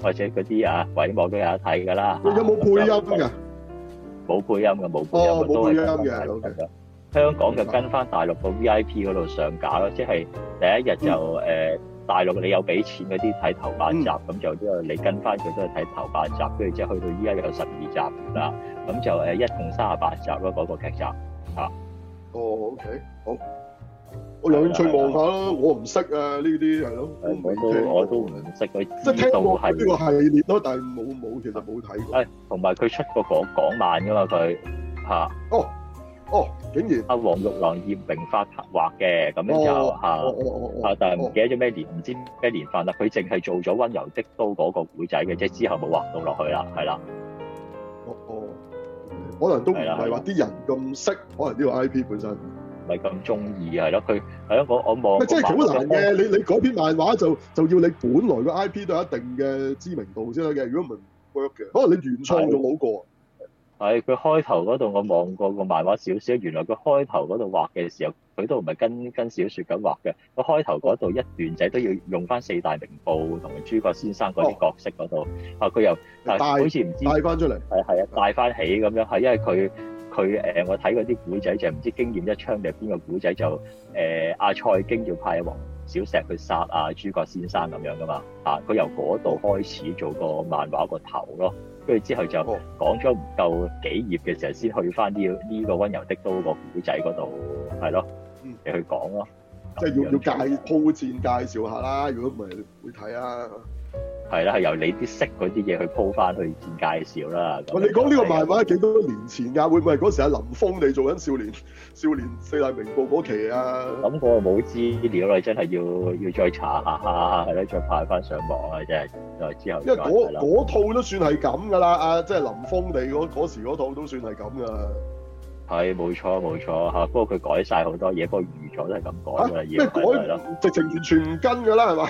或者嗰啲啊，偉幕都有得睇㗎啦。有冇配音㗎？冇配音嘅，冇配音都係香港就跟翻大陸個 VIP 嗰度上架咯，即係第一日就誒大陸你有俾錢嗰啲睇頭八集，咁就之後你跟翻佢都係睇頭八集，跟住之後去到依家有十二集啦，咁就誒一共三十八集咯，嗰個劇集。哦，OK，好，我有興趣望下咯，我唔識啊呢啲係咯，我都我都唔識佢，即係聽過係呢個系列咯，但係冇冇其實冇睇。誒，同埋佢出過港港漫噶嘛佢，吓，哦哦，竟然阿黃玉郎葉明發刻畫嘅，咁樣就吓，啊但係唔記得咗咩年，唔知咩年份啦，佢淨係做咗温柔的刀嗰個古仔嘅，即係之後冇畫到落去啦，係啦。可能都唔係話啲人咁識，的可能呢個 I P 本身唔係咁中意啊，係咯，佢係咯，我我望，即係好難嘅，我你你改編漫畫就就要你本來個 I P 都有一定嘅知名度先得嘅，如果唔 work 嘅，可能你原創仲好過。係佢開頭嗰度，我望過個漫畫少少，原來佢開頭嗰度畫嘅時候，佢都唔係跟跟小説咁畫嘅。佢開頭嗰度一段仔都要用翻四大名捕同埋諸葛先生嗰啲角色嗰度。啊、哦，佢又但係帶好似唔知道帶翻出嚟係係啊，帶翻起咁樣係因為佢佢誒我睇嗰啲古仔就唔知道驚艷一槍定係邊個古仔，就誒阿、呃、蔡京要派王小石去殺阿、啊、諸葛先生咁樣㗎嘛啊，佢由嗰度開始做個漫畫個頭咯。跟住之後就講咗唔夠幾頁嘅時候，先去翻呢個呢個溫柔的刀嗰個古仔嗰度，係咯，嗯、你去講咯，即係要要介鋪墊介紹下啦，如果唔係你唔會睇啊。係啦，係由你啲識嗰啲嘢去鋪翻去介紹啦。我、就是、你講呢個漫畫幾多年前噶，會唔會嗰時阿林峰你做緊少年少年四大名捕嗰期啊？咁我冇資料，啦真係要要再查下，係咯，再派翻上網啊！真係，之後，因為嗰了套都算係咁噶啦，即係、就是、林峰你嗰嗰時嗰套都算係咁噶。係冇錯冇錯吓，不過佢改晒好多嘢，不過預咗都係咁講，啊，改噶，而唔係咯，直情完全唔跟噶啦，係嘛？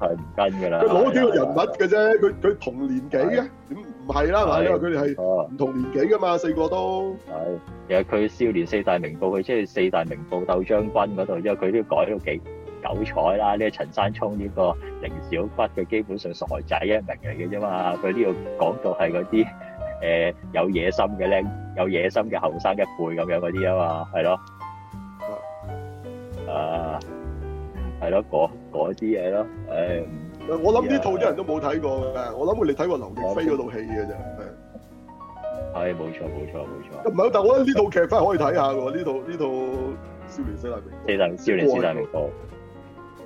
係唔跟噶啦？佢攞幾個人物嘅啫，佢佢同年紀嘅？咁唔係啦，係嘛？因為佢哋係唔同年紀噶嘛？四個都係，其實佢少年四大名捕，佢即係四大名捕鬥將軍嗰度，因為佢都要改到幾九彩啦。呢、這個陳山聰呢個零小骨，嘅基本上傻仔一名嚟嘅啫嘛，佢呢度講到係嗰啲。誒、呃，有野心嘅靚，有野心嘅後生一輩咁樣嗰啲啊嘛，係咯，啊，係、啊、咯，嗰啲嘢咯，誒、嗯，我諗呢套啲人都冇睇過嘅，啊、我諗會你睇過劉亦菲嗰套戲嘅啫，係、啊，冇錯冇錯冇錯，唔係，但係我覺得呢套劇反可以睇下嘅喎，呢套呢套少年四大名，四少年四大名捕，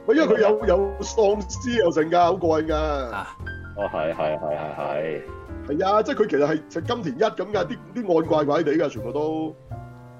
喂，因為佢有 有喪屍又剩噶，好過癮噶，哦，係係係係係。係啊，即係佢其實係就金田一咁嘅，啲啲案怪怪地㗎，全部都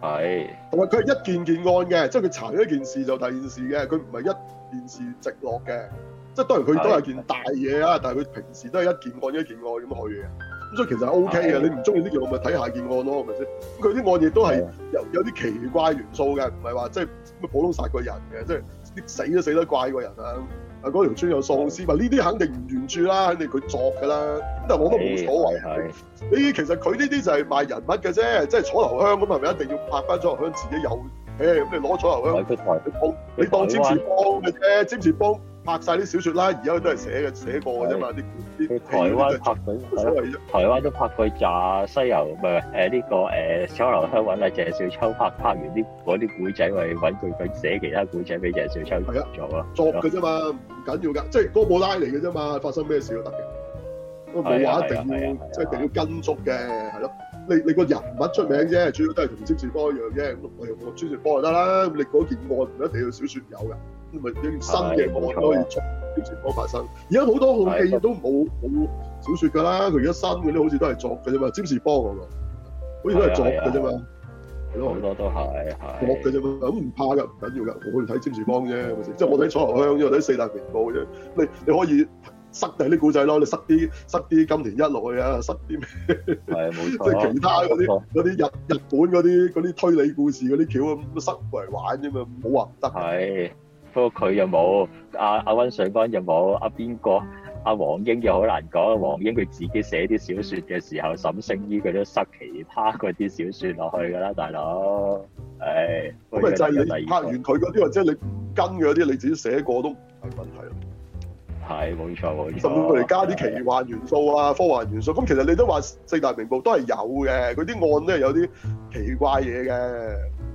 係。同埋佢係一件件案嘅，即係佢查咗一件事就第二件事嘅，佢唔係一件事直落嘅。即係當然佢都係件大嘢啊，是的 但係佢平時都係一件案一件案咁去嘅。咁所以其實 O K 嘅，是的 你唔中意呢件案咪睇下件案咯，係咪先？佢啲案嘢都係有有啲奇怪元素嘅，唔係話即係普通殺個人嘅，即係死都死得怪個人啊。啊！嗰條村有喪屍，話呢啲肯定唔原著啦，肯定佢作㗎啦。咁但係我都冇所謂。你其實佢呢啲就係賣人物嘅啫，即、就、係、是、楚留香咁，係咪一定要拍翻楚留香自己有誒？咁、哎、你攞楚留香你鋪你當詹士邦嘅啫，詹士邦。灣拍晒啲小説啦，而家都係寫嘅，寫過嘅啫嘛啲。台灣拍過，對台灣都拍過咋《炸西遊》？咪、呃，係、這、呢個誒《楚、呃、留香》揾阿鄭少秋拍，拍完啲啲古仔，咪揾佢佢寫其他古仔俾鄭少秋做咯。對吧作嘅啫嘛，唔緊要噶，即係哥布拉嚟嘅啫嘛，發生咩事都得嘅。我冇話一定要即係一定要跟足嘅，係咯。你你個人物出名啫，主要都係同周旋波一樣啫。我我周旋波就得啦。你嗰件案唔一定要小説有嘅。咁咪啲新嘅案都可以出《占士邦》發生在都，而家好多好戲都冇冇小説㗎啦。佢而家新嘅咧，好似都係作嘅啫嘛，的《占士邦》嗰個，好似都係作嘅啫嘛。係咯，好多都係係。作嘅啫嘛，咁唔怕㗎，唔緊要㗎。我去睇《占士邦》啫，的即係我睇《楚留香》因啫，睇四大名捕啫。你你可以塞啲啲故仔咯，你塞啲塞啲《金田一》落去啊，塞啲咩？啊，冇錯即係其他嗰啲啲日日本嗰啲啲推理故事嗰啲橋咁塞過嚟玩啫嘛，冇話唔得。係。不過佢又冇，阿阿溫上關又冇，阿邊個阿黃鷹又好難講。黃鷹佢自己寫啲小説嘅時候，沈勝衣佢都塞其他嗰啲小説落去㗎啦，大佬。誒，咁咪就係拍完佢嗰啲，或者你跟嗰啲，你自己寫過都唔係問題咯。係冇錯，冇錯甚至佢嚟加啲奇幻元素啊、的科幻元素。咁其實你都話四大名捕都係有嘅，佢啲案都係有啲奇怪嘢嘅。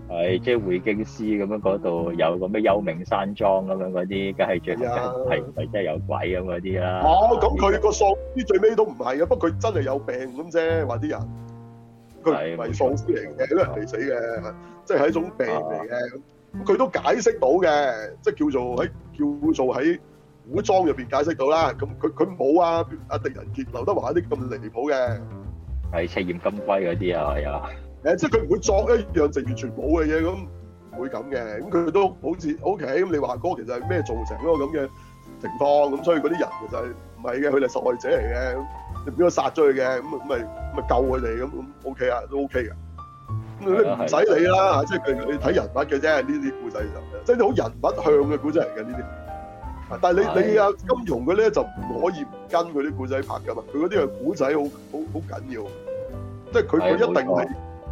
係，即係匯京師咁樣嗰度，有個咩幽冥山莊咁樣嗰啲，梗係最係唔係真係有鬼咁嗰啲啦。哦，咁佢個喪屍最尾都唔係啊，不過佢真係有病咁啫，話啲人佢唔係喪屍嚟嘅，都係死嘅，即係一種病嚟嘅。咁佢都解釋到嘅，即係叫做喺叫做喺古裝入邊解釋到啦。咁佢佢冇啊，阿狄仁傑、劉德華啲咁離譜嘅，係赤焰金龜嗰啲啊，係啊。誒，即係佢唔會作一樣就完全冇嘅嘢，咁唔會咁嘅。咁佢都好似 OK。咁你話哥其實係咩造成嗰個咁嘅情況？咁所以嗰啲人其實係唔係嘅，佢哋受害者嚟嘅。你畀佢殺咗佢嘅？咁咪咪救佢哋咁？OK 啊，都 OK 嘅。咁你唔使理啦，嚇！即係佢，你睇人物嘅啫。呢啲故仔就即係好人物向嘅故仔嚟嘅呢啲。但係你你啊金庸嘅咧就唔可以唔跟佢啲故仔拍㗎嘛？佢嗰啲係故仔，好好好緊要。即係佢佢一定係。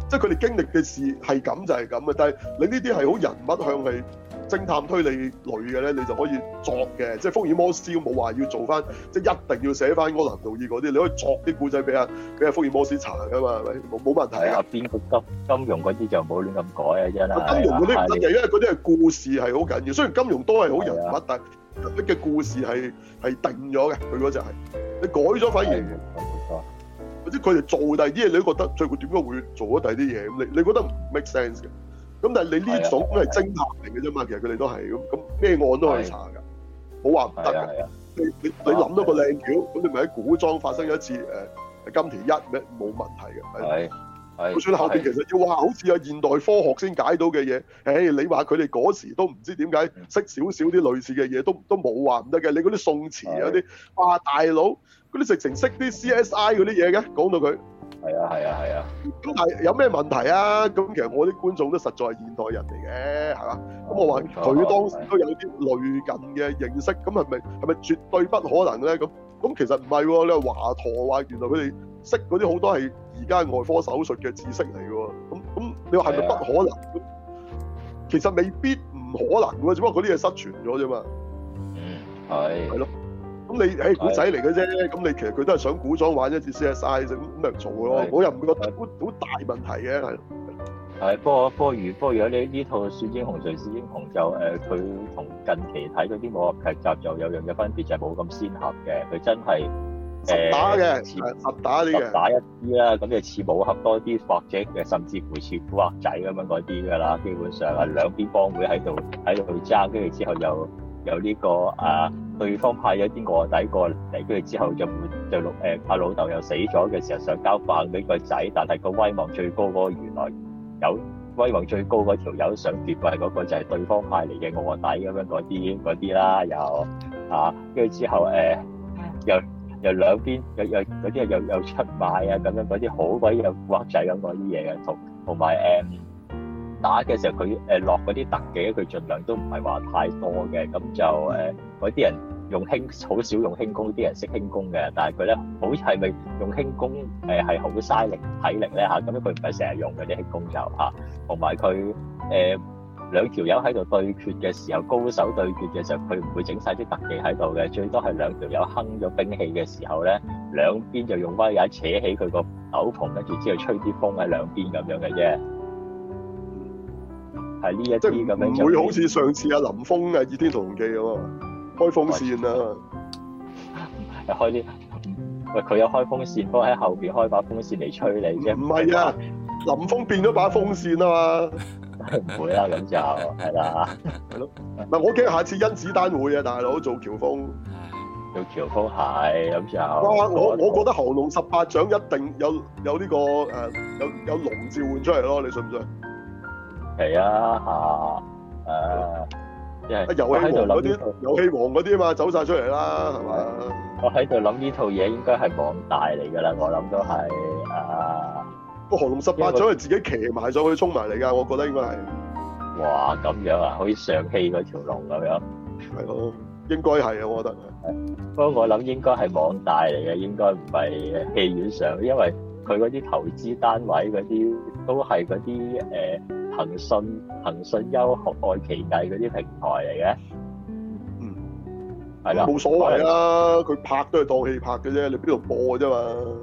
即係佢哋經歷嘅事係咁就係咁嘅，但係你呢啲係好人物向，係偵探推理類嘅咧，你就可以作嘅，即係福爾摩斯冇話要做翻，即係一定要寫翻柯南道爾嗰啲，你可以作啲故仔俾阿俾阿福爾摩斯查㗎嘛，係咪？冇問題㗎。邊個金金融嗰啲就冇亂咁改啊，真係。金融嗰啲唔得嘅，因為嗰啲係故事係好緊要。雖然金融都係好人物，是的但係人物嘅故事係係定咗嘅，佢嗰隻係你改咗反而。或者佢哋做，第啲嘢你都覺得，最後點解會做咗第啲嘢？你你覺得唔 make sense 嘅。咁但係你呢種係偵探嚟嘅啫嘛，其實佢哋都係咁，咩案都可以查㗎，好話唔得㗎。你你你諗到個靚橋，咁你咪喺古裝發生咗一次，誒金田一咩，冇問題嘅。係係。就算後邊其實要話好似有現代科學先解到嘅嘢，誒你話佢哋嗰時都唔知點解識少少啲類似嘅嘢，都都冇話唔得嘅。你嗰啲宋詞啊啲啊大佬。嗰啲直情識啲 CSI 嗰啲嘢嘅，講到佢係啊係啊係啊。咁係、啊啊、有咩問題啊？咁其實我啲觀眾都實在係現代人嚟嘅，係嘛、哦？咁、嗯、我話佢當時都有啲類近嘅認識，咁係咪係咪絕對不可能咧？咁咁其實唔係喎，你話華佗話原來佢哋識嗰啲好多係而家外科手術嘅知識嚟喎。咁咁你話係咪不可能？啊、其實未必唔可能喎，只不過嗰啲嘢失傳咗啫嘛。嗯，係。係咯。咁你誒古仔嚟嘅啫，咁、欸、是的 你其實佢都係想古裝玩一啲先 s i 咁咁嚟嘈咯。我又唔覺得好好大問題嘅，係。係，科科如科如呢呢套《說英雄》呃《誰是英雄》就誒，佢同近期睇嗰啲武俠劇集就有樣嘅分別，就係冇咁仙俠嘅，佢真係實、呃、打嘅，似實像打，打一啲啦，咁就似武俠多啲，或者誒甚至乎似古惑仔咁樣嗰啲㗎啦。基本上係兩邊幫會喺度喺度去爭，跟住之後又。有呢、這個啊，對方派咗啲臥底過嚟，跟住之後就就老誒、啊，老豆又死咗嘅時候想交返俾個仔，但係個威望最高嗰個原來有威望最高嗰條友想奪位嗰個就係對方派嚟嘅臥底咁樣嗰啲嗰啲啦，又啊，跟住之後誒、啊，又又兩邊又又啲又又出賣啊，咁樣嗰啲好鬼有骨仔咁嗰啲嘢嘅，同同埋誒。打嘅時候，佢誒落嗰啲特技，佢盡量都唔係話太多嘅。咁就誒，嗰啲人用輕好少用輕功，啲人識輕功嘅，但係佢咧，好似係咪用輕功誒係好嘥力體力咧嚇？咁樣佢唔係成日用嗰啲輕功就嚇。同埋佢誒兩條友喺度對決嘅時候，高手對決嘅時候，佢唔會整晒啲特技喺度嘅，最多係兩條友哼咗兵器嘅時候咧，兩邊就用威也扯起佢個斗篷，跟住之後吹啲風喺兩邊咁樣嘅啫。係呢一即唔會好似上次阿林峰嘅《倚天屠龍記》咁啊，開風扇啊，啲喂佢有開風扇，都喺後邊開把風扇嚟吹你啫。唔係啊，林峰變咗把風扇啊嘛，唔會啦、啊、咁就係啦嚇，咯、啊啊。我驚下次甄子丹會啊，大佬做喬峯，做喬峯係咁就。我我，我覺得降龍十八掌一定有有呢、這個有有龍召喚出嚟咯，你信唔信？係啊，嚇，誒，因為遊戲王嗰啲，遊戲王嗰啲啊嘛，走晒出嚟啦，係嘛？我喺度諗呢套嘢應該係網大嚟㗎啦，我諗都係誒。個降龍十八掌係自己騎埋咗去衝埋嚟㗎，我覺得應該係。哇，咁樣啊，好似上戲嗰條龍咁樣。係咯，應該係啊，我覺得。不過我諗應該係網大嚟嘅，應該唔係戲院上，因為。佢嗰啲投資單位嗰啲都係嗰啲誒，騰訊、騰訊優愛奇藝嗰啲平台嚟嘅，嗯，係啦的，冇所謂啦、啊，佢的拍都係當戲拍嘅啫，你邊度播嘅啫嘛，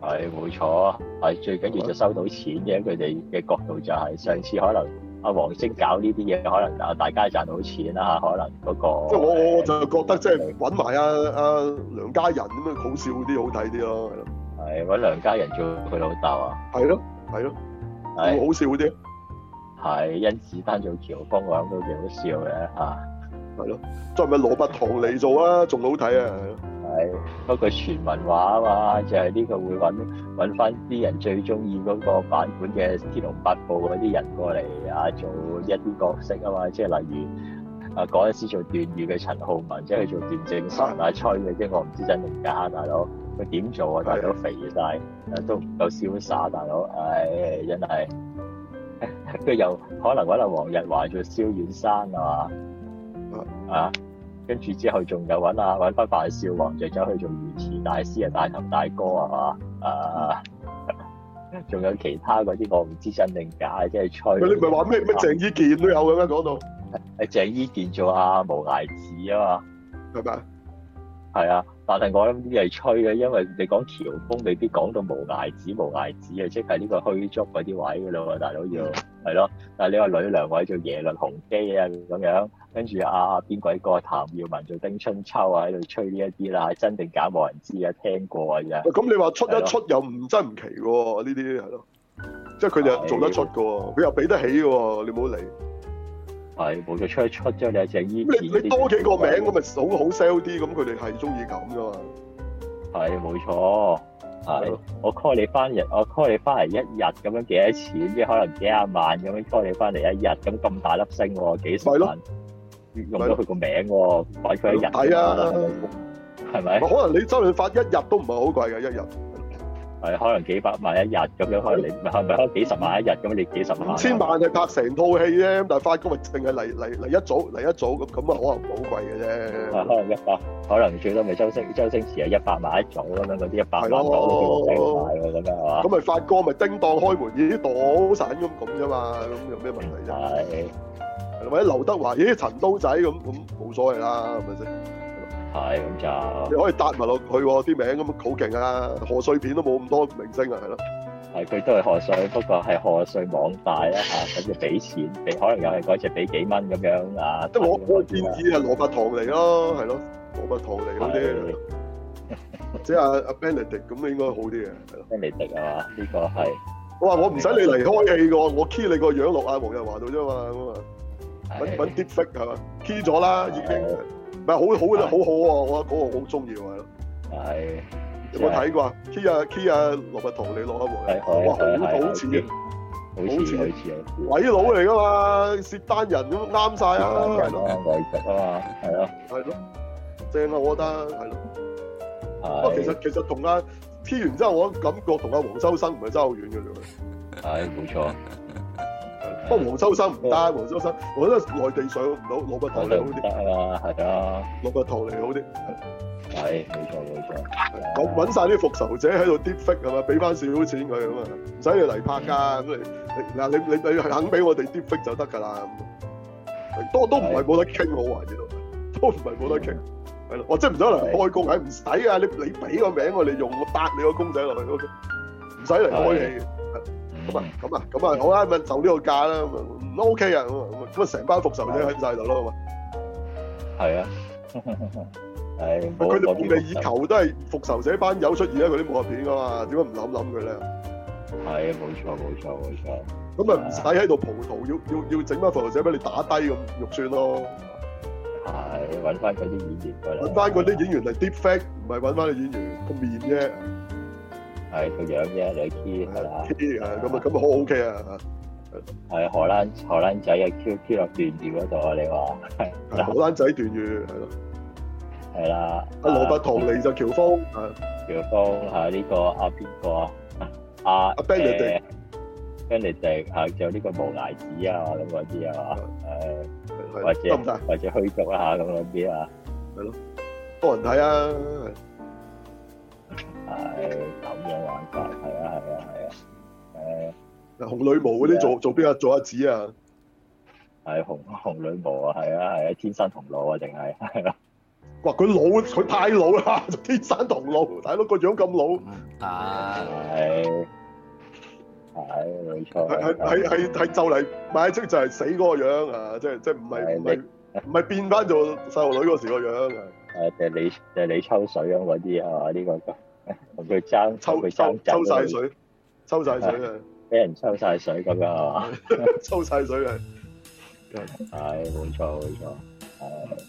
係冇錯，係最緊要就收到錢嘅，佢哋嘅角度就係、是、上次可能阿黃星搞呢啲嘢，可能啊大家賺到錢啦嚇，可能嗰、那個，即係我我就覺得即係揾埋阿阿梁家仁咁樣，好笑啲好睇啲咯。係搵梁家仁做佢老豆啊！係咯，係咯，係好笑啲。係甄子丹做喬峰，我諗都幾好笑嘅吓。係咯，再咪羅伯棠嚟做啊，仲好睇啊。係，不過全民話啊嘛，就係呢個會搵搵翻啲人最中意嗰個版本嘅《天龍八部》嗰啲人過嚟啊，做一啲角色啊嘛，即係例如啊，嗰陣時做段譽嘅陳浩民，即係佢做段正淳啊，崔，嘅即係我唔知真定假，大佬。佢點做啊？大佬肥曬，誒的都唔夠瀟灑，大佬，唉，真係。佢又可能揾阿黃日華做蕭遠山啊嘛，的啊，跟住之後仲有揾阿揾翻扮少皇就走去做魚池大師啊，大頭大哥啊嘛，啊，仲、啊、有其他嗰啲我唔知真定假，即係吹。你唔係話咩咩鄭伊健都有嘅咩嗰度？誒、 啊、鄭伊健做阿、啊、無崖子啊嘛，係咪啊？係啊。但係我諗呢啲係吹嘅，因為你講喬峯未必講到無崖子、無崖子啊，即係呢個虛竹嗰啲位㗎喇喎，大佬要係咯。但係你話女良位做耶律洪基啊咁樣，跟住啊邊鬼哥、譚耀文做丁春秋啊，喺度吹呢一啲啦，真定假冇人知啊，聽過啊啫。咁你話出一出又唔的真唔奇喎、哦？呢啲係咯，即係佢又做得出㗎喎，佢又俾得起喎，你唔好理。係冇錯，出一出將你一隻醫。你有你，些你多幾個名，咁咪好好 sell 啲，咁佢哋係中意咁噶嘛？係冇錯，係是的我 call 你翻日，我 call 你翻嚟一日咁樣幾多錢？即係可能幾廿萬咁樣 call 你翻嚟一日，咁咁大粒星喎，幾十萬。的用咗佢個名喎，買咗的一日。係啊，係咪？可能你周潤發一日都唔係好貴嘅一日。係可能幾百萬一日咁樣，可能你唔係唔幾十萬一日咁，你幾十萬？千萬就拍成套戲啫，但係發哥咪淨係嚟嚟嚟一組嚟一組咁，咁啊可能好貴嘅啫。可能一百，啊、可能最多咪周星周星馳係一百萬一組咁樣嗰啲，那些一百萬港都冇剩埋咁樣，咁咪發哥咪叮當開門，咦賭散咁咁啫嘛，咁有咩問題啫？係的或者劉德華，咦陳刀仔咁咁冇所謂啦，係咪先？係咁就你可以搭埋落去喎，啲名咁好勁啊！賀歲片都冇咁多明星啊，係咯。係佢都係賀歲，不過係賀歲網大啦吓，跟住俾錢，可能又係嗰次俾幾蚊咁樣啊。都我攞電子啊，羅拔唐嚟咯，係咯，羅拔唐嚟好啲。即係阿阿 Benedict，咁應該好啲啊。Benedict 啊呢個係我話我唔使你嚟開戲個，我 key 你個樣落阿黃日華度啫嘛，咁啊，揾揾貼色係嘛，key 咗啦已經。唔係好好嘅好好喎，我覺得嗰個好中意喎，係。有冇睇過？Key 啊 Key 啊，蘿蔔頭你攞一幅，哇，好討喜，好似好似好似鬼佬嚟噶嘛，薛丹人咁啱晒啊，外籍啊嘛，係咯，係咯，正啊，我覺得係咯。不過，其實其實同阿 Key 完之後，我感覺同阿黃秋生唔係差好遠嘅啫。係冇錯。幫黃秋生唔得，黃秋生，我覺得內地上唔到，攞個頭嚟好啲。得啊，係啊，攞個頭嚟好啲。係，冇錯，冇錯。我揾晒啲復仇者喺度 deepfake 係嘛，俾翻少少錢佢咁啊，唔使你嚟拍㗎咁嚟。嗱你你你肯俾我哋 deepfake 就得㗎啦。咁都唔係冇得傾好啊，知道？都唔係冇得傾。係咯，我真係唔想嚟開工，係唔使啊。你你俾個名我哋用，我搭你個公仔落去，O K。唔使嚟開嘢。咁啊，咁啊，好啦，咪就呢個價啦，咁啊，都 OK 啊，咁啊，咁啊，成班復仇者喺晒度咯，係啊，唉，佢哋夢寐以求都係復仇者班友出現啊，佢啲武俠片噶嘛，點解唔諗諗佢咧？係啊，冇錯，冇錯，冇錯。咁咪，唔使喺度葡萄，要要要整班復仇者俾你打低咁，肉算咯。係，揾翻佢啲演員，揾翻嗰啲演員嚟 deepfake，唔係揾翻個演員個面啫。係個樣啫，你 K 係啦，K 啊，咁啊咁啊 O K 啊，係荷蘭荷蘭仔啊，Q Q 落段譽嗰度啊，你話？係荷蘭仔段譽，係咯，係啦。阿羅伯唐尼就喬峰，喬峰吓呢個阿邊個？阿阿 Ben，跟住就吓仲有呢個無崖子啊，咁嗰啲啊，誒，或者或者虛竹啊，咁嗰啲啊，係咯，多人睇啊。係咁樣玩法，係啊係啊係啊。誒，嗱，紅女巫嗰啲做做邊個做阿紫啊？係紅紅女巫啊，係啊係啊，天生童姥啊，淨係係咯。哇，佢老佢太老啦，天生童姥，睇到個樣咁老。係係冇錯。係係係係係就嚟買出就係死嗰個樣啊！即係即係唔係唔係唔係變翻做細路女嗰時個樣啊？誒，就李就李秋水咁嗰啲係嘛？呢個咁。同佢爭，抽佢爭，抽晒水，抽晒水啊！俾人抽晒水咁樣啊！抽晒水啊！係，冇錯，冇錯，係。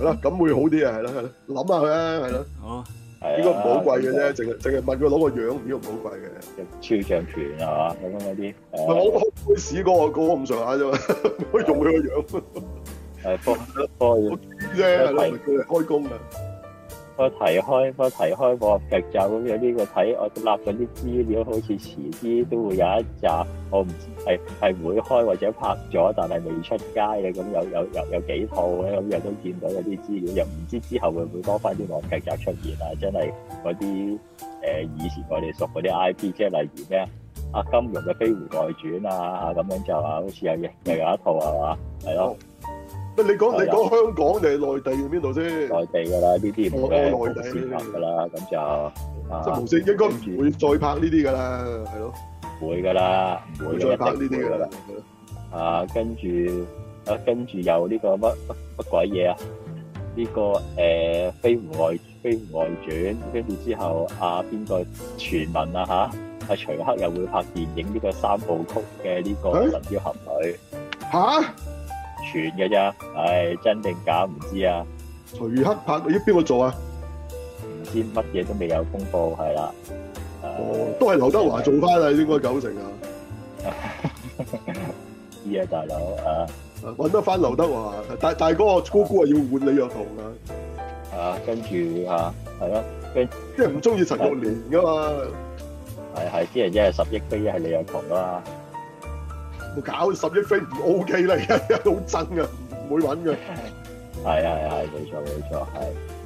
係啦，咁會好啲啊！係啦，係啦，諗下佢啊，係啦。哦，呢個唔好貴嘅啫，淨係淨係問佢攞個樣，呢個唔好貴嘅。唱團啊，吓咁樣嗰啲。我唔好去試過，我過咁上下啫嘛，可以用佢個樣。係放啦，佢哋開工啊！我提開，我提開個劇集咁樣呢、呢個睇，我立咗啲資料，好似遲啲都會有一集，我唔知係係會開或者拍咗，但係未出街嘅咁，有有有有幾套嘅咁，又都見到有啲資料，又唔知之後會唔會多翻啲《網劇集》出現啊！真係嗰啲誒以前我哋熟嗰啲 IP，即係例如咩啊，金庸嘅《飛狐外傳》啊，咁樣就話，好似又又有一套係嘛，係咯。唔，你講你講香港定係內地定邊度先？內地㗎啦，呢啲唔係內地拍㗎啦，咁就、啊、即係無線應該唔會再拍呢啲㗎啦，係咯，唔會㗎啦，唔會再拍呢啲㗎啦。啊，跟住、這個、啊，這個呃、跟住又呢個乜乜乜鬼嘢啊？呢個誒飛狐外飛狐外傳，跟住之後啊邊個傳聞啊吓，阿、啊、徐克又會拍電影呢個三部曲嘅呢個神雕俠侶吓？欸啊全嘅啫，唉、哎，真定假唔知啊！徐克拍，咦，邊個做啊？唔知乜嘢都未有公布，係啦，哦，都係劉德華做翻啊，是是應該九成啊。 知啊，大佬啊，揾得翻劉德華，大大哥姑姑要換啊要換、啊啊啊、李若彤啊，啊，跟住吓係咯，即係唔中意陳玉蓮噶嘛，係係，即係一係十億飛，一係李若彤啦。搞十億飛唔 O K 而家好憎噶，唔會揾佢、啊。係係係，冇錯冇錯，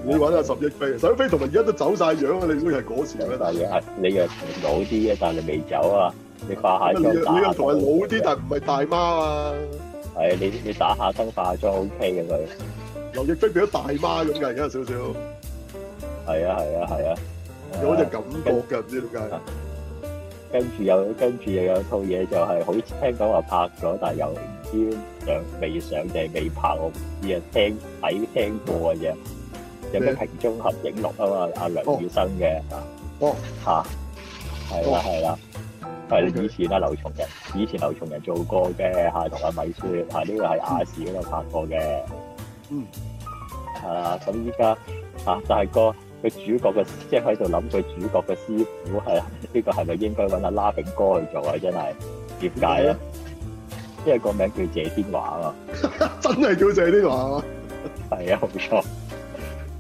你揾啊十億飛，十億飛同埋而家都走晒樣啊！你嗰日嗰時咧，但係你係你係老啲嘅，但係未走啊！你化下妝你同埋老啲，但係唔係大媽啊？係啊，你你打下燈化下妝 O K 嘅佢。劉亦菲變咗大媽咁嘅，有少少。係啊係啊係啊，有隻感覺㗎，唔、啊啊啊啊、知點解。啊啊啊跟住又跟住又有一套嘢就係、是、好聽講話拍咗，但係又唔知上未上定未拍，我唔知啊。聽睇聽過嘅嘢，嗯、有咩萍蹤俠影錄啊嘛，阿梁羽生嘅，吓吓，係啦係啦，係以前啊劉松仁，以前劉松仁做過嘅吓，同、啊、阿米雪吓呢、啊這個喺亞視嗰度拍過嘅，嗯，係啊，咁依家啊大哥。佢主角嘅，即係喺度諗，佢主角嘅師傅係呢個係咪應該揾阿拉炳哥去做啊？真係點解咧？為 因為個名叫謝天華，嘛 的謝華啊，真係叫謝天華，係啊，冇錯。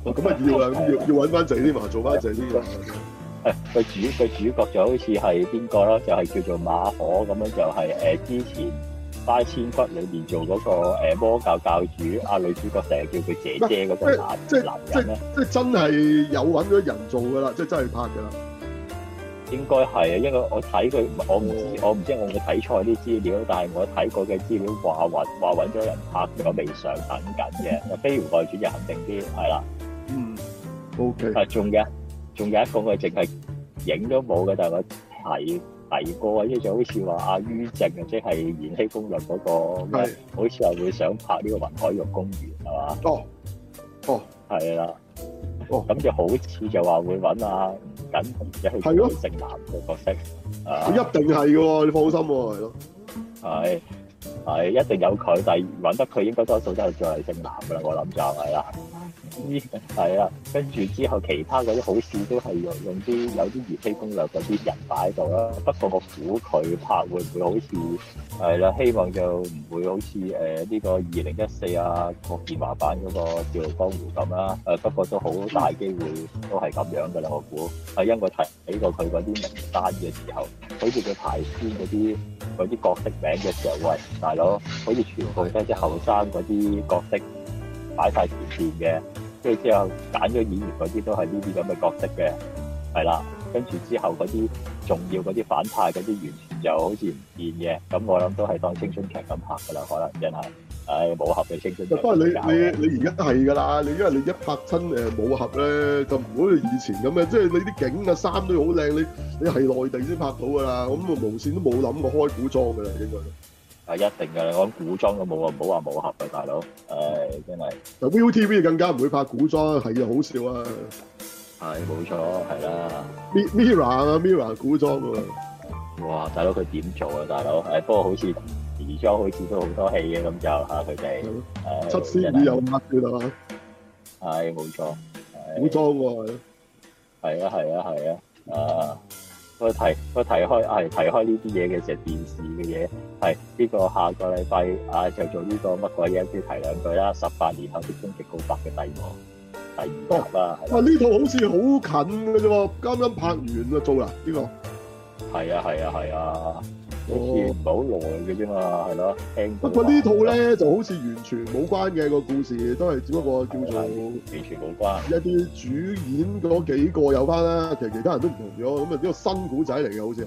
咁啊要啦，要要揾翻謝天華做翻謝天華。誒，個主個主角就好似係邊個咯？就係、是、叫做馬可咁樣、就是，就係誒之前。《花千骨》裏面做嗰個誒魔教教主，阿女主角成日叫佢姐姐嗰個男即男人咧，即係真係有揾咗人做噶啦，即係真係拍噶啦。應該係啊，因為我睇佢，我唔知，嗯，我唔知，我唔知我有冇睇錯啲資料，但係我睇過嘅資料話揾話揾咗人拍咗未上，等緊嘅。《飛狐外傳》就肯定啲係啦。嗯，O K。啊，仲有嘅，仲有一個佢淨係影都冇嘅，但係我睇。提過啊，即就好似話阿于正啊，即係延禧攻略嗰個，的好似話會想拍呢個雲海玉弓緣係嘛？是吧？哦哦，係啦，哦，咁了、哦、就好似就話會揾阿吳謹言去演勝男嘅角色，的啊、一定係嘅喎，你放心喎。係咯，係係一定有佢，但係揾得佢應該多數都係再係勝男嘅啦，我諗就係啦。依係跟住之後其他嗰啲好事都係用用啲有啲熱氣風流嗰啲人擺度啦。不過我估佢拍會唔會好似係啦？希望就唔會好似誒呢個二零一四啊霍建華版嗰個《笑傲江湖》咁、啊、啦。誒不過都好大機會都係咁樣噶啦。我估係、啊、因為睇睇過佢嗰啲名單嘅時候，好似佢排先嗰啲啲角色名嘅時候，喂大佬，好似全部都係啲後生嗰啲角色擺晒前線嘅。跟住之後揀咗演員嗰啲都係呢啲咁嘅角色嘅，係啦。跟住之後嗰啲重要嗰啲反派嗰啲完全又好似唔見嘅。咁我諗都係當青春劇咁拍噶啦，可能真係，誒武俠嘅青春。不過你你你而家都係㗎啦，你因為你一拍親誒武俠咧，就唔好似以前咁嘅，即係你啲景啊衫都好靚，你你係內地先拍到㗎啦。咁無線都冇諗過開古裝㗎啦，應該是。係一定噶，講古裝都冇啊，唔好話武俠啊，大佬，係、哎、真係。ViuTV 更加唔會拍古裝啊，係啊，好笑啊，係冇錯，係啦。Mirror 啊，Mirror 古裝喎、哎。哇，大佬佢點做啊，大佬？誒、哎，不過好似時裝，好似都好多戲嘅咁就吓佢哋。七仙女有乜佢哋係冇錯，古裝喎，係啊係啊係啊啊！哎我提我提開係提開呢啲嘢嘅時候，電視嘅嘢係呢個下個禮拜啊，就做呢個乜鬼嘢先提兩句啦。十八年後的終極告白嘅帝王，第二集啦。哇、哦！呢吧、哦、套好似好近嘅啫喎，啱啱拍完啦，做啦呢、這個。係啊，係啊，係啊。哦、不好似唔係好耐嘅啫嘛，係咯，不過呢套咧就好似完全冇關嘅、那個故事，都係只不過叫做完全冇關。一啲主演嗰幾個有關啦，其實其他人都唔同咗，咁啊呢個好像是新古仔嚟嘅，好似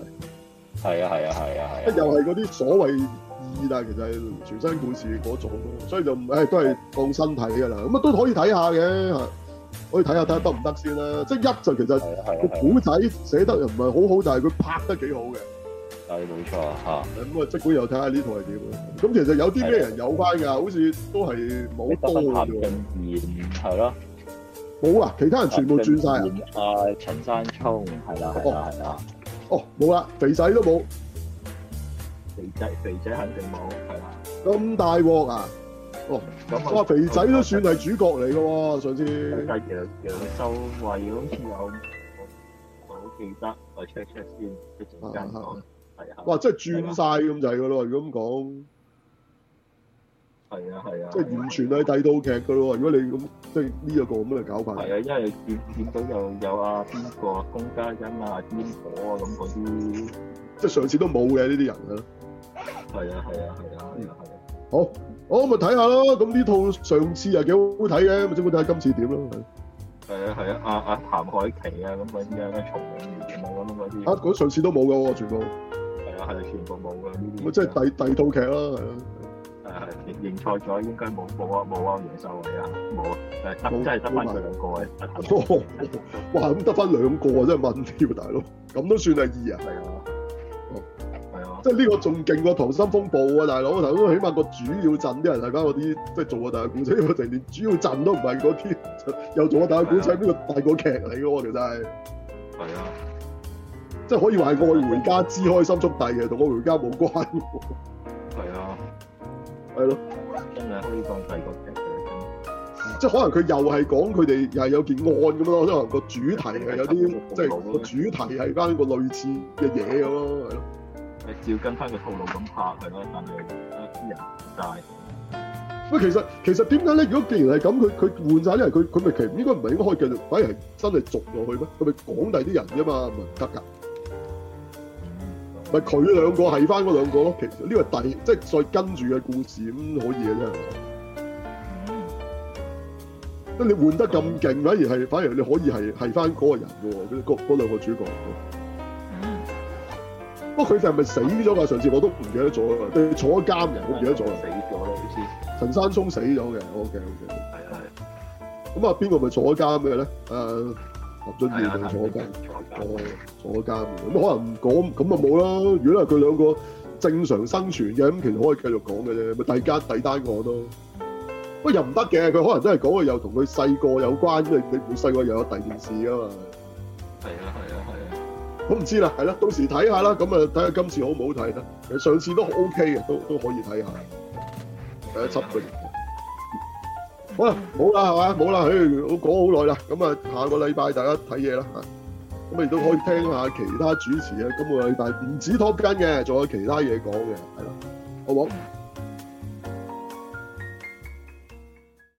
係，係啊係啊係啊，一、啊啊啊啊、又係嗰啲所謂二，但其實係全新故事嗰種，所以就唔誒、哎、都係當新睇噶啦，咁啊都可以睇下嘅，可以睇下睇下得唔得先啦。即係一就其實個古仔寫得又唔係好好，但係佢拍得幾好嘅。係冇錯吓，咁啊，即管又睇下呢套係點？咁其實有啲咩人有翻噶好似都係冇多嘅啫。得翻廿係咯，冇啊，其他人全部轉晒啊。啊，陳山聰係啦係啦係啦。哦，冇啦，肥仔都冇。肥仔肥仔肯定冇，係啦。咁大鑊啊！哦，咁哇，肥仔都算係主角嚟嘅喎，上次。其楊楊秀惠好似有，我好記得，我 check check 先，一陣間講哇！即係轉晒咁滯噶咯，是吧如果咁講，係啊係啊，即係完全係第二套劇噶咯。吧如果你咁即係呢、這個咁嚟搞法，係啊，因為見見到又有阿邊個龔嘉欣啊、邊個啊咁嗰啲，那那些即係上次都冇嘅呢啲人啊。係啊係啊係啊，係啊，啊，啊，啊好，好，我咪睇下咯。咁呢套上次又幾好睇嘅，咪只管睇下今次點咯。係啊係啊，阿阿譚凱琪啊，咁嗰啲啊，重名演員咁樣嗰啲啊，嗰、啊啊那個、上次都冇噶喎，全部。係全部冇㗎呢啲，我即係第第套劇啦，係咯。誒認認錯咗，應該冇冇啊冇啊，楊秀惠啊冇啊，得即係得翻兩個位。哇！咁得翻兩個啊，真係問啲大佬，咁都算係二啊？係啊，係啊。即係呢個仲勁過《溏心風暴》啊，大佬！《溏心》起碼個主要陣啲人大家嗰啲，即係做個大家故仔。我哋連主要陣都唔係嗰啲，又做個大家故仔，呢個大個劇嚟嘅喎，其實係。係啊。即係可以話係《愛回家之開心速遞》嘅，同了《愛回家》冇關喎。係啊，係咯，真係可以當第二個劇嘅。嗯、即係可能佢又係講佢哋又係有件案咁咯。即係可能個主題係有啲，即係對個主題係翻個類似嘅嘢咁咯，係咯了。係照跟翻個套路咁拍係咯，但係啲人變曬。喂，其實其實點解咧？如果既然係咁，佢佢換晒啲人，佢佢咪其實應該唔係應該可以繼續，反而係真係續落去咩？佢咪講第啲人啫嘛，咪唔得㗎。咪佢兩個係翻嗰兩個咯，其實呢個第即係再跟住嘅故事咁、嗯、可以嘅啫。即係、嗯、你換得咁勁，反而係反而你可以係返翻嗰個人嘅喎，嗰兩個主角。嗯、不過佢哋係咪死咗啊？上次我都唔記得咗啊。對坐監人，我唔記得咗啦。死咗啦！陳山聰死咗嘅，OK OK。係啊係。咁啊，邊個咪坐監嘅咧？誒。合咗面就坐監。哦，坐監咁可能唔講咁就冇啦。如果係佢兩個正常生存嘅，咁其實可以繼續講嘅啫，咪第間第單案咯。不過又唔得嘅，佢可能真係講嘅又同佢細個有關，因為你唔細個又有第二件事啊嘛。係啊係啊係啊，我唔知啦，係咯，到時睇下啦。咁啊，睇下今次好唔好睇啦。其實上次都 OK 嘅，都都可以睇下。係啊，第一輯。好啦，冇啦，係嘛，冇啦，唉，我講好耐啦，咁啊，下個禮拜大家睇嘢啦嚇，咁啊亦都可以聽下其他主持啊，今個禮拜唔止 Top Gun 嘅，仲有其他嘢講嘅，係咯，好冇？